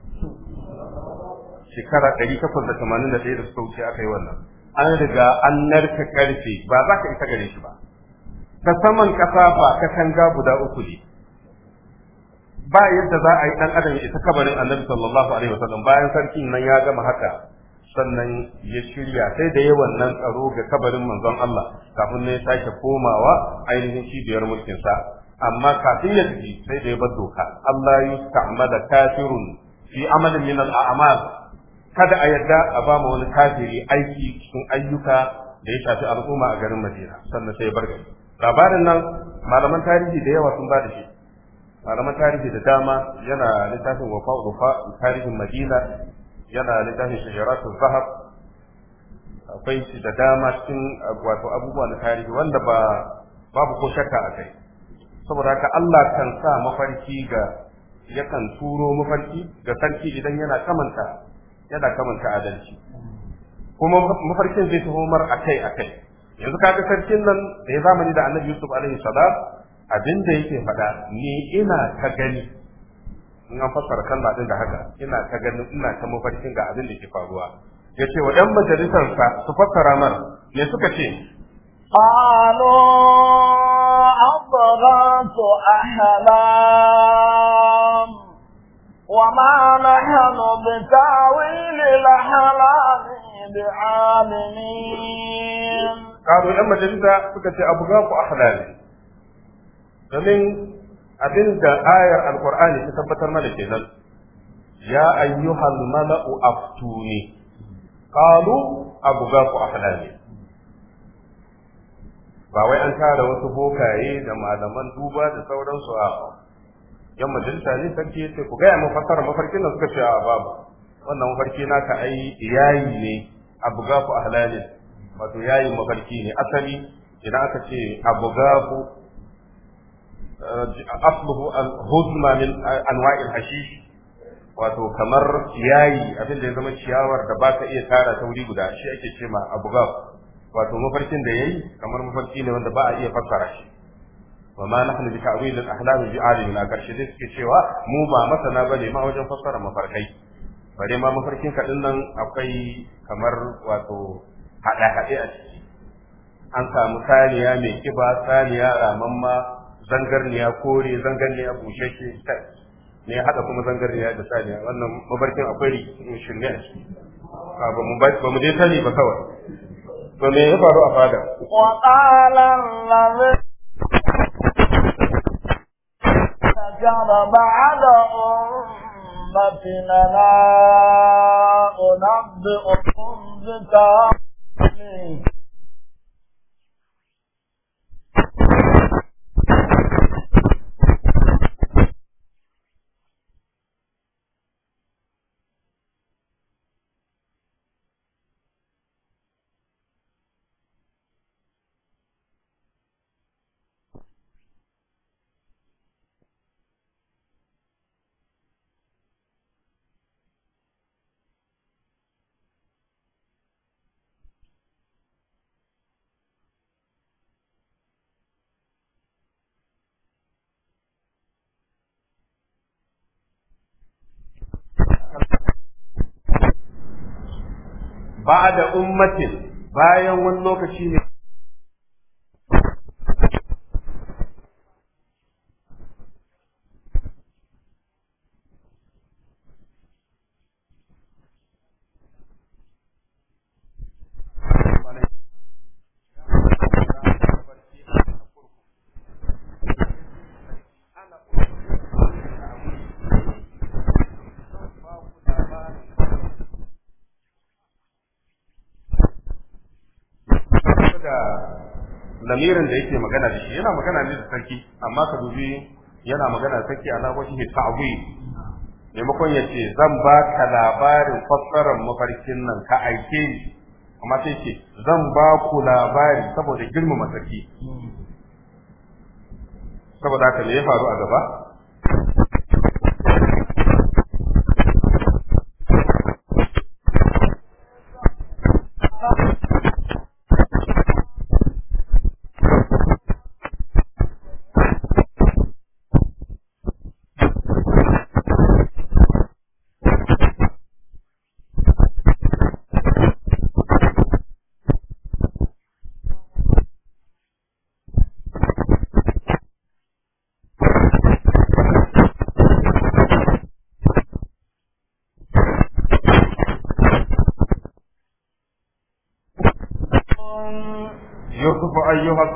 shekara ɗari takwas da tamanin da ɗaya da suka wuce aka yi wannan an riga an narka karfe ba za ka isa gare shi ba ta saman ƙasa ba ka tanga guda uku ne ba yadda za a yi dan adam ya isa kabarin annabi sallallahu alaihi wasallam bayan sarkin nan ya gama haka sannan ya shirya sai da yawan nan tsaro ga kabarin manzon Allah kafin ne sake komawa ainihin cibiyar mulkin sa amma kafin ya tafi sai da ya bar doka Allah yusta'mala kafirun fi amalin min al-a'mal kada a yadda a ba ma wani kafiri aiki cikin ayyuka da ya shafi al'umma a garin Madina sannan sai ya bar labarin nan malaman tarihi da yawa sun ba da shi malaman tarihi da dama yana littafin wafa'u rufa tarihin Madina yana littafin shaharatul zahab akwai shi da dama cikin wato abubuwa na tarihi wanda ba babu ko shakka a kai saboda haka Allah kan sa mafarki ga yakan turo mafarki ga sarki idan yana kamanta yana kamanta adalci kuma mafarkin zai taho mar a kai. yanzu kaga sarkin nan da ya zamani da annabi yusuf alaihi salam abin da yake faɗa ni ina ta gani in an fassara kalma din da haka ina ta gani, ina ta mafarkin ga abin da ke faruwa ya ce wa ɗan majalisarsa su fassara mar me suka ce قالوا أضغاث أحلام وما نحن بتاويل الأحلام بعالمين قالوا لما جلسة فكت أبغاق أحلام domin abin da ayar alkur'ani ta tabbatar mana kenan ya ayyuhal mala'u aftuni qalu abghaqu ahlami ba wai an tara wasu bokaye da malaman duba da sauransu a yan majalisa ne sarki ya ce ku gaya mu fassara mafarkin da suka ce a babu wannan mafarki naka ai yayi ne abu gafu ahlali wato yayi mafarki ne asali idan aka ce abu gafu eh, asluhu al-huzma min anwa'il hashish wato kamar ciyayi abin da ya zama ciyawar da ba ka iya tara ta wuri guda shi ake ce ma abu wato mafarkin da yayi kamar mafarki ne wanda ba a iya fassara shi wa ma nahnu bi ta'wil al-ahlam bi alimin a karshe dai suke cewa mu ba masana bane ma wajen fassara mafarkai bare ma mafarkin ka nan akwai kamar wato hada hade a ciki an samu saniya mai kiba saniya ramamma zangarniya kore zangarniya bushashe ne hada kuma zangarniya da saniya wannan mafarkin akwai shirme a ciki ba mu dai sani ba kawai to me ya faru a fada wa qala allazi علی أمتنا لا أنبئکم او da ummatin bayan wani lokaci ne lamirin da yake magana da shi yana magana ne da sarki amma ka dubi yana magana da sarki ala wajen ta'awi maimakon ya ce zan ba ka labarin fassarar mafarkin nan ka aike ni amma sai ce zan ba ku labari saboda girmama sarki saboda haka me ya faru a gaba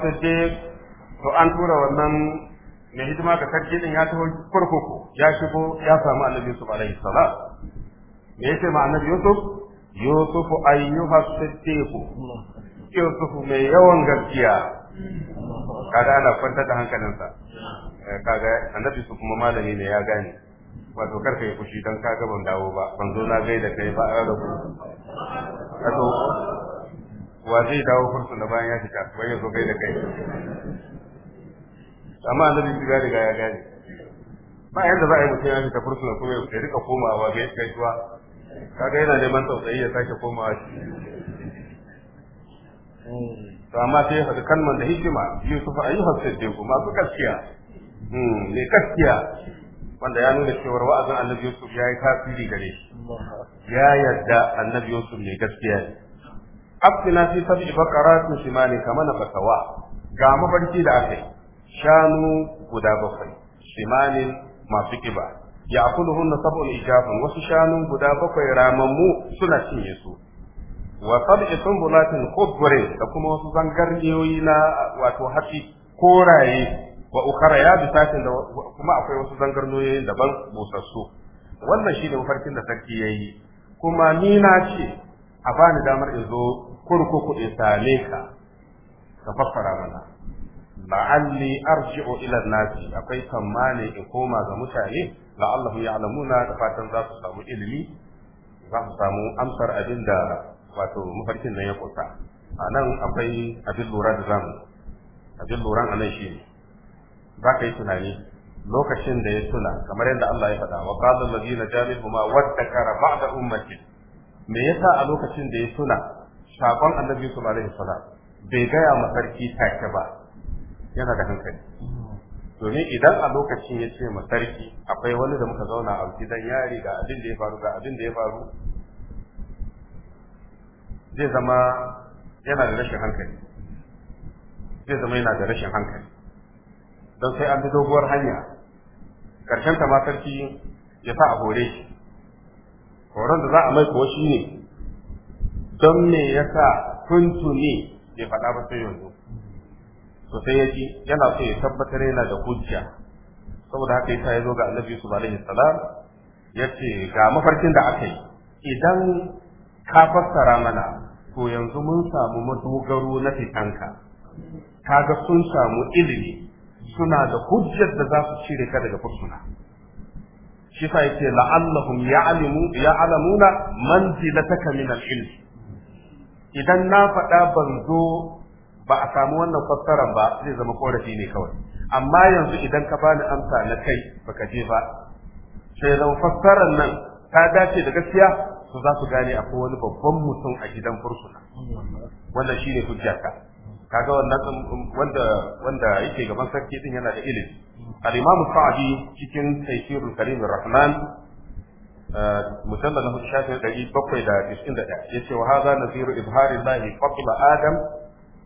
siddiq to an tura wannan mai hidima ga sarki din ya taho kurkuku ya shigo ya samu annabi yusuf alaihi salam me yake ma annabi yusuf yusuf ayyuha siddiq yusuf mai yawan gaskiya kaga ana kwanta da hankalinsa eh, kaga annabi su kuma malami ne ya gane wato karka yi fushi dan kaga ban dawo ba ban zo na gaida kai ba a rabu wa zai dawo da bayan ya fita wai ya zo kai da kai amma annabi ya riga ya gane ba yanda za a yi mutum ya fita fursuna kuma ya rika komawa bai gaisuwa kaga yana neman tsautsayi ya sake komawa to amma sai ya kan man da hikima Yusuf ma ku masu gaskiya ne hmm, gaskiya wanda ya nuna cewar wa'azin Annabi Yusuf yayi tasiri gare shi ya yarda Annabi Yusuf ne gaskiya ne aftina fi sab'i baqaratin shimali kama na fatawa ga mafarki da yi shanu guda bakwai shimalin masu kiba ya akuluhunna sab'un ijafun wasu shanu guda bakwai ramammu suna cinye su wa sab'i sunbulatin khudrin da kuma wasu zangarniyoyi na wato hatsi koraye wa ukara ya bisatin da kuma akwai wasu zangarniyoyi daban busassu wannan shine mafarkin da sarki ya yi. kuma ni na ce a bani damar in zo kurkuku ya same ka ka fassara mana la'alli arji'u ila nasi akwai tsammani in koma ga mutane la'allahu ya'lamuna da fatan za su samu ilimi za su samu amsar abin da wato mafarkin nan ya kusa a nan akwai abin lura da zamu abin lura a nan shine za ka yi tunani lokacin da ya tuna kamar yadda Allah ya faɗa wa qala allazina jami'u ma wadda kara ba'da ummati me yasa a lokacin da ya tuna sakon annabi yusuf alaihi salam bai gaya ma sarki take ba yana da hankali domin idan a lokacin ya ce ma sarki akwai wani da muka zauna a gidan yari ga abin da ya faru ga abin da ya faru zai zama yana da rashin hankali zai zama yana da rashin hankali don sai an bi doguwar hanya karshen ta ma sarki ya sa a hore shi horon da za a mai kuwa shi ne don me yasa kuntu ne faɗa ba sai yanzu to sai ya ji yana so ya tabbatar yana da hujja saboda haka yasa ya zo ga Annabi Yusuf alaihi salam ce ga mafarkin da aka yi idan ka fassara mana to yanzu mun samu madogaro na fitanka kaga sun samu ilimi suna da hujjar da za su cire ka daga fursuna shi sa yace la'allahum ya'lamu ya'lamuna manzilataka min al-ilm idan na faɗa ban zo ba a samu wannan fassaran ba zai zama korafi ne kawai amma yanzu idan ka bani amsa na kai baka je ba sai zan fassaran nan ta dace da gaskiya to za su gane akwai wani babban mutum a gidan fursuna wannan shine hujjata kaga wannan um, um, wanda wanda yake gaban sarki din yana da ilimi al-imam sa'di cikin tafsirul karim rahman mujallal na shafin ɗari bakwai da tiskin da ɗaya ya ce wa haza naziru ibharin lahi qabla adam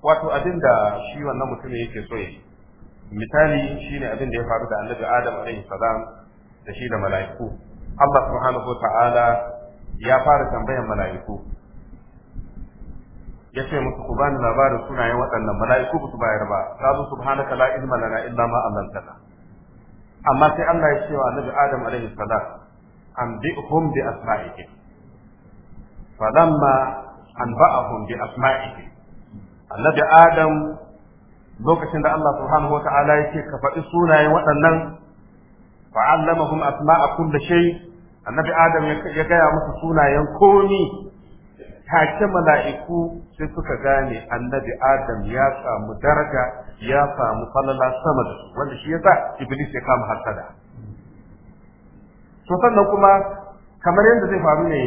wato abin da shi wannan mutumin yake so ya yi misali shine abin da ya faru da annabi adam alayhi salam da shi da mala'iku Allah subhanahu wa ta'ala ya fara tambayan mala'iku ya ce musu ku bani labarin sunayen waɗannan mala'iku ba su bayar ba kazu subhanaka la ilma lana illa ma 'allamtana amma sai Allah ya ce wa annabi Adam alayhi salam أنبئهم بأسمائهم فلما أنبأهم بأسمائهم النبي آدم lokacin da Allah سبحانه وتعالى yake ka faɗi sunayen waɗannan fa'allamahum asma'a kulli shay annabi adam ya gaya musu sunayen komi take mala'iku sai suka gane annabi adam ya samu daraja ya samu falala sama da wanda shi yasa iblis ya kama hasada to sannan kuma kamar yadda zai faru ne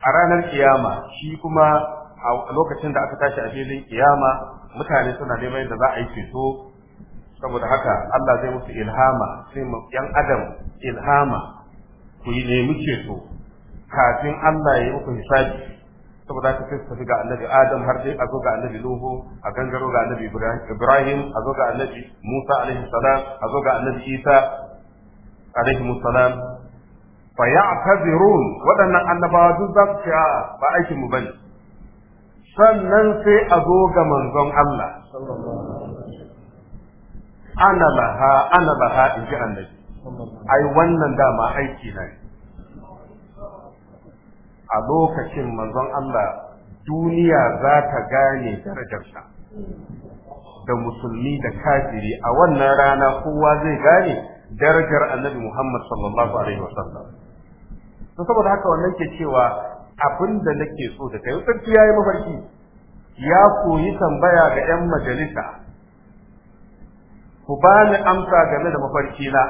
a ranar kiyama shi kuma a lokacin da aka tashi a filin kiyama mutane suna neman yadda za a yi ceto saboda haka Allah zai musu ilhama sai mu yan adam ilhama ku yi nemi ceto kafin Allah ya yi muku hisabi saboda ka sai su tafi ga annabi Adam har sai a zo ga annabi Nuhu a gangaro ga annabi Ibrahim a zo ga annabi Musa alaihi salam a zo ga annabi Isa alaihi salam fayatazirun ya'tazirun waɗannan annabawa duk za su ce ba aikin mu bane sannan sai a zo ga manzon Allah ana laha ana in ji annabi ai wannan dama aiki na a lokacin manzon Allah duniya za ta gane darajarsa da musulmi da kafiri a wannan rana kowa zai gane darajar annabi Muhammad sallallahu alaihi wasallam to saboda haka wannan ke cewa abin da nake so da kai tsarki yayi mafarki ya koyi tambaya ga yan majalisa ku bani amsa game da mafarki na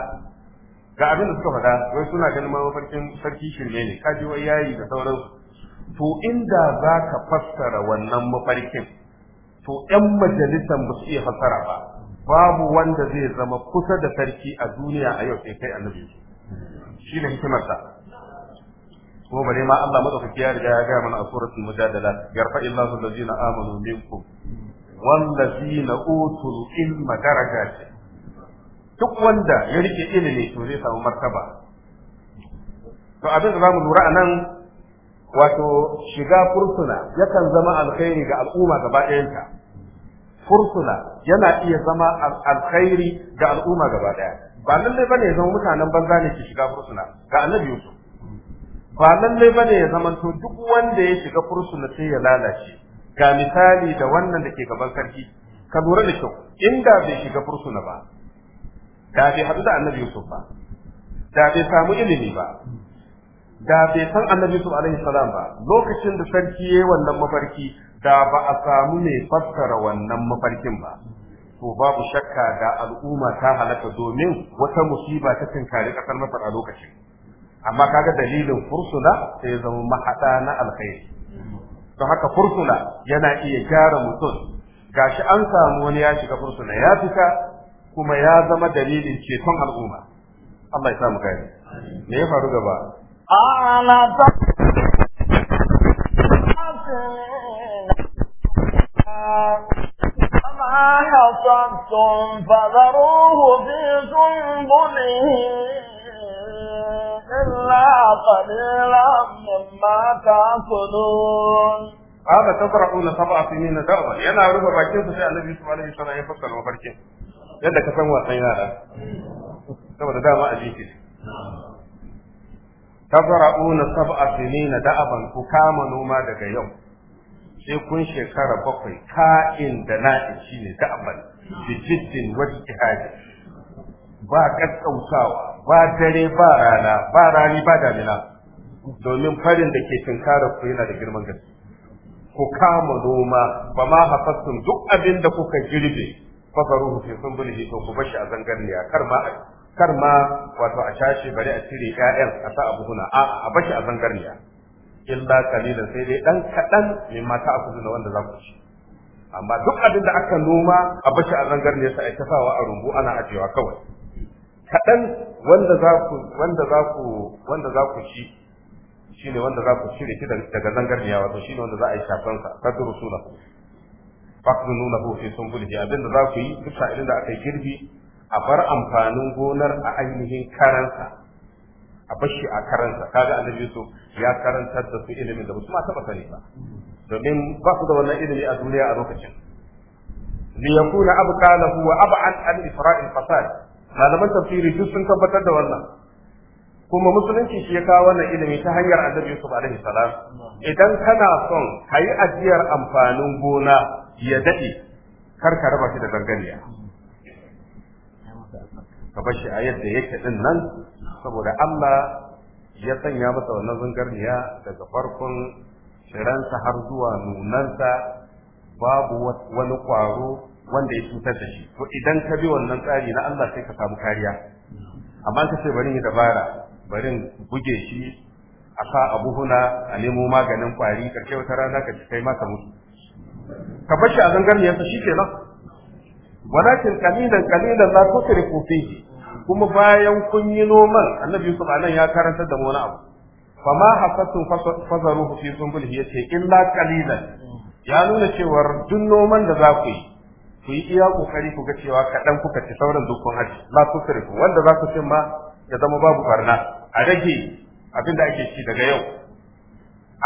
ga abin da suka faɗa wai suna ganin ma mafarkin sarki shirme ne kaji wai yayi da sauran to inda za fassara wannan mafarkin to ‘yan majalisan ba su iya fassara ba babu wanda zai zama kusa da sarki a duniya a yau sai kai annabi shi ne hikimarsa ko bare ma Allah madaukaki ya riga ya ga mana a suratul mujadala yarfa illahu allazina amanu minkum wallazina utul ilma darajat duk wanda ya rike ilimi to zai samu martaba to abin da zamu lura anan wato shiga fursuna yakan zama alkhairi ga al'umma gaba ɗayanta fursuna yana iya zama alkhairi ga al'umma gaba ɗaya ba lallai bane ya zama mutanen banza ne ke shiga fursuna ga annabi Yusuf ba lallai ba ne ya zamanto duk wanda ya shiga fursuna sai ya lalace ga misali da wannan da ke gaban sarki ka lura da kyau inda bai shiga fursuna ba da bai haɗu da annabi yusuf ba da bai samu ilimi ba da bai san annabi yusuf alaihi salam ba lokacin da sarki yayi wannan mafarki da ba a samu mai fassara wannan mafarkin ba to babu shakka da al'umma ta halaka domin wata musiba ta tinkari kasar masar a lokacin amma kaga dalilin fursuna sai zama mahaɗa na alkhairi don haka fursuna yana iya gyara mutum gashi an samu wani ya shiga fursuna ya fita kuma ya zama dalilin ceton al'umma Allah ya samu ne, me ya faru gaba ala ta ما حصدتم فذروه في سنبله إلا قليلا مما تأكلون haka tasra'una sab'a sinina darban yana rufe bakin su sai annabi Yusuf alaihi ya fassara mafarkin yadda ka san wasan yara saboda dama a jiki tasra'una sab'a sinina da'aban ku kama noma daga yau sai kun shekara bakwai ka'in da na'in shine da'aban bi jiddin wa ba kakkautawa ba dare ba rana ba rani ba damina domin farin da ke tinkara ku yana da girman gaske ku kama noma ba ma hafassun duk abin da kuka girbe fasaruhu fi sunbulihi to ku bashi a zangarniya kar ma kar ma wato a shashi bari a cire ƴaƴan a sa a buhuna a a bashi a zangarniya illa kalilan sai dai dan kadan ma ta da wanda za ku ci amma duk abin da aka noma a bashi a zangarniya sai ta sawa a rumbu ana ajewa kawai kaɗan wanda za ku wanda za ku wanda za ku ci shine wanda za ku cire shi daga zangarniya wato shine wanda za a yi shafan sa kadru suna sun fi sunbulihi abinda za ku yi duk sa'ilin da aka yi girbi a bar amfanin gonar a ainihin karansa a bashi a karansa kaga annabi Yusuf ya karantar da su ilimin da mutum ma taba sani ba domin ba su da wannan ilimi a duniya a lokacin liyakuna Abu abqa wa ab'an an isra'il fasad malaman tafsiri duk sun tabbatar da wannan kuma musulunci shi ya kawo wannan ilimi ta hanyar annabi Yusuf alaihi salam idan kana son kai ajiyar amfanin gona ya dade kar ka raba shi da ganganiya ka bar shi a yadda yake din nan saboda Allah ya sanya masa wannan zangariya daga farkon shiransa har zuwa nunansa babu wani kwaro wanda ya cutar da shi to idan ka bi wannan tsari na Allah sai ka samu kariya amma ka ce bari yi dabara bari buge shi a sa abu huna a nemo maganin kwari karshe wata rana ka ci kai maka mutu ka bashi a zangarniyarsa shi kenan walakin kalilan kalilan la tusrifu fihi kuma bayan kun yi noman annabi yusuf anan ya karantar da mu wani abu fama hasattun fazaruhu fi sunbulhi yace illa kalilan ya nuna cewar duk noman da za ku yi ku yi iya kokari ku ga cewa kaɗan kuka ci sauran dukkan haji la tusrifu wanda za ku cin ma ya zama babu barna a rage abin da ake ci daga yau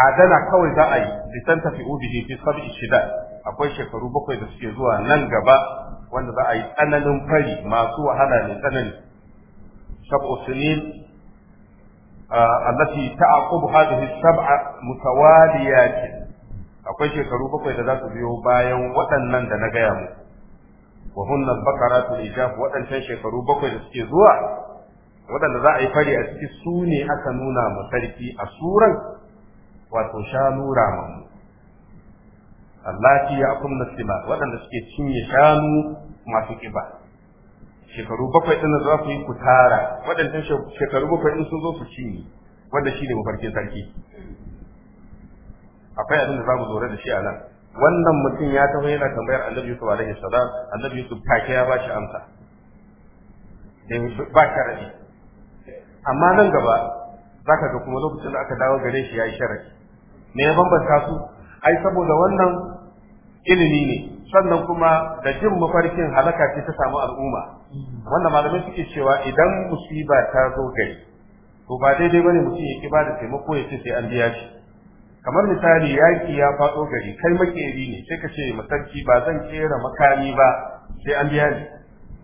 adana kawai za a yi litan tafi ubihi fi sab'i shida akwai shekaru bakwai da suke zuwa nan gaba wanda za a yi tsananin fari masu wahala ne tsanani sab'u sunin allati ta'aqubu hadhihi sab'a mutawaliyatin akwai shekaru bakwai da za su biyo bayan waɗannan da na gaya muku wa hunna al-baqaratul ijab waɗancan shekaru bakwai da suke zuwa waɗanda za a yi fari a ciki su ne aka nuna ma a suran wato shanu ramamu Allah ya akunna sima waɗanda suke cinye shanu masu kiba shekaru bakwai ɗin za su yi kutara, tara waɗancan shekaru bakwai ɗin sun zo su cinye wanda shi ne mafarkin sarki akwai abin da za mu zore da shi a nan wannan mutum ya taho yana tambayar annabi yusuf alaihi salam annabi yusuf take ya bashi amsa dan eh, ba sharadi amma nan gaba zaka ga kuma lokacin da aka dawo gare shi yayi sharadi me ya bambanta su ai saboda wannan ilimi ne sannan kuma da jin mafarkin halaka ce ta samu al'umma wannan malamai suke cewa idan musiba ta zo gari to ba daidai bane mutum ya ki da taimako ya ce sai an biya shi kamar misali yaƙi ya faɗo gari kai makeri ne sai ka ce masarki ba zan kera makami ba sai an biya ni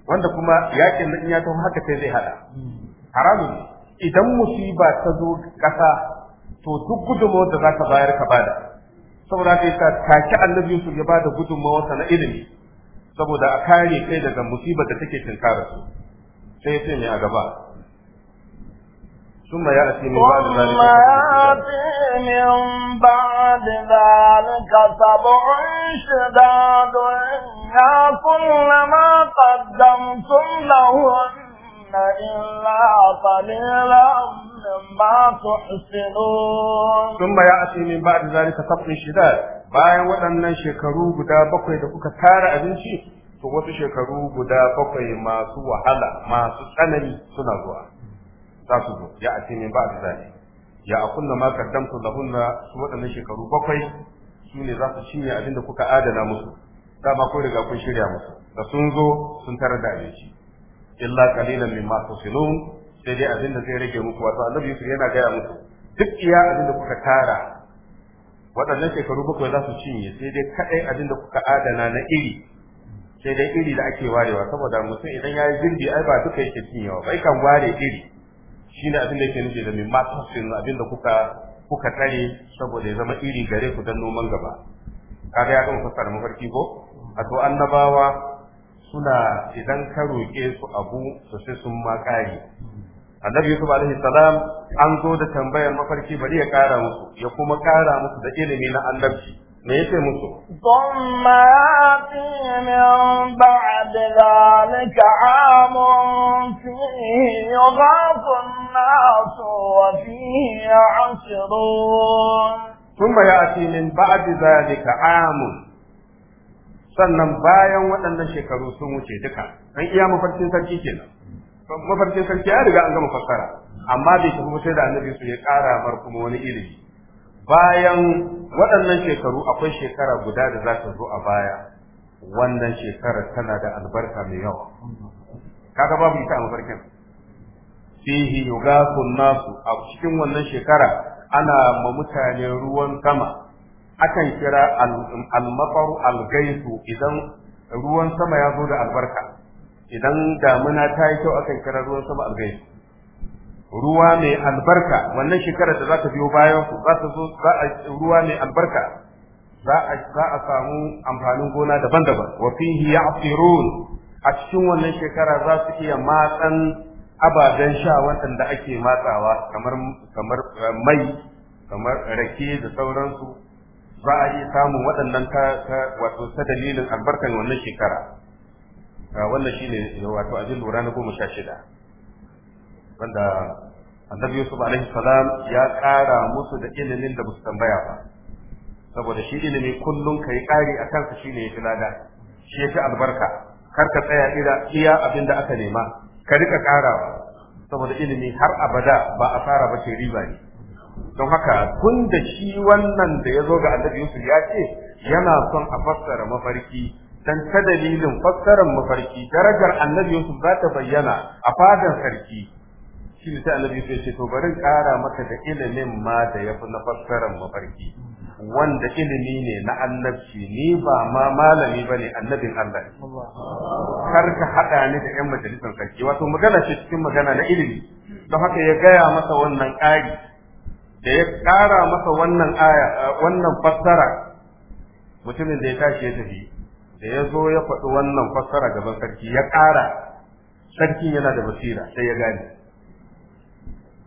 wanda kuma yaƙin nan ya haka sai zai haɗa. haramun idan musiba ta zo ƙasa to duk gudunmawar da za ka bayar ka bada saboda kai ka take annabi Yusuf ya bada gudunmawarsa na ilimi saboda a kare kai daga musibar da take tinkara su sai ya ce a gaba ثم يأتي من بعد ذلك ثم يأتي من بعد ذلك سبع شداد يأكل ما قدمتم لهن إلا قليلا مما تحسنون ثم يأتي من بعد ذلك سبع شداد bayan waɗannan shekaru guda bakwai da kuka tara abinci to wasu shekaru guda bakwai masu wahala masu tsanani suna zuwa za su zo ya ati ne ba da zali ya akunna ma kaddamtu lahunna su waɗannan shekaru bakwai su ne za su cinye abin da kuka adana musu dama ko riga kun shirya musu da sun zo sun tarar da abinci illa qalilan mimma tusilun sai dai abin da zai rage muku wato annabi Yusuf yana gaya musu duk iya abin da kuka tara waɗannan shekaru bakwai za su cinye sai dai kaɗai abin da kuka adana na iri sai dai iri da ake warewa saboda mutum idan ya yi girbi ai ba duka yake cinyewa bai kan ware iri shine abin da ke nufi da mimma ma abin da kuka kuka tare saboda ya zama iri gare ku dan noman gaba kaga ya gama fassara mafarki ko a to annabawa suna idan ka roƙe su abu su sai sun ma ƙari annabi yusuf alaihi salam an zo da tambayar mafarki bari ya ƙara musu ya kuma kara musu da ilimi na annabci me yace musu thumma yati min ba'd zalika amun fi yughathu nas wa fihi ya'sirun thumma yati min ba'd zalika amun sannan bayan waɗannan shekaru sun wuce duka an iya mafarkin sarki kenan mafarkin sarki ya riga an gama fassara amma bai tafi sai da annabi su ya ƙara mar kuma wani ilimi bayan waɗannan shekaru akwai shekara guda da za ta zo a baya wannan shekarar tana da albarka mai yawa kaga babu ita albarkin fihi yughasu nasu a cikin wannan shekara ana ma mutane ruwan sama akan kira al-mafaru al-gaisu idan ruwan sama ya zo da albarka idan damuna ta yi kyau akan kira ruwan sama al-gaisu ruwa mai albarka wannan shekarar da za ta biyo bayan su za zo za a ruwa mai albarka za a za a samu amfanin gona daban-daban wa fihi ya'tirun a cikin wannan shekara za su iya matsan ababen sha waɗanda ake matsawa kamar kamar eh, mai kamar rake da sauransu za a iya samun waɗannan ta wato ta dalilin albarkan wannan shekara wannan shine wato ajin lura na goma sha shida wanda annabi Yusuf alaihi salam ya ƙara musu da ilimin da musu tambaya ba saboda shi ilimi kullum kai ƙari a kansa shine yafi lada shi yafi albarka kar ka tsaya ira iya abin da aka nema ka rika karawa saboda ilimi har abada ba a fara ba ce riba ne don haka tun da shi wannan da ya zo ga annabi Yusuf ya ce yana son a fassara mafarki dan ta dalilin fassarar mafarki darajar annabi Yusuf za ta bayyana a fadan sarki shi ne sai annabi ya ce to bari ƙara maka da ilimin ma da ya fi na fassarar mafarki wanda ilimi ne na annabci ni ba ma malami ba ne annabin Allah kar ka haɗa ni da ƴan majalisar sarki wato magana ce cikin magana na ilimi don haka ya gaya masa wannan ƙari da ya ƙara masa wannan aya wannan fassara mutumin da ya tashi ya tafi da ya zo ya faɗi wannan fassara gaban sarki ya ƙara sarkin yana da basira sai ya gane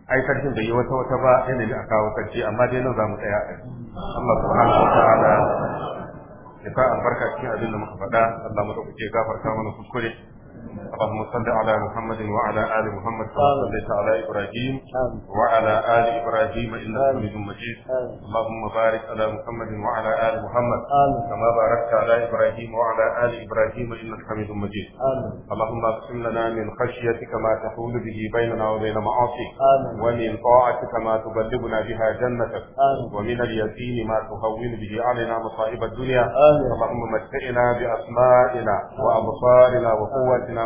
ai sarkin bai yi wata wata ba ya da a kawo sarki amma dai nan za mu tsaya a Allah subhanahu wa ya sa albarka cikin abin da muka faɗa Allah mu ya gafarta mana kuskure اللهم صل على محمد وعلى ال محمد كما صليت على ابراهيم وعلى ال ابراهيم انك حميد مجيد اللهم بارك على محمد وعلى ال محمد كما باركت على ابراهيم وعلى ال ابراهيم انك حميد مجيد اللهم اقسم لنا من خشيتك ما تحول به بيننا وبين معاصيك ومن طاعتك ما تبلغنا بها جنتك ومن اليقين ما تهون به علينا مصائب الدنيا اللهم متعنا باسمائنا وابصارنا وقوتنا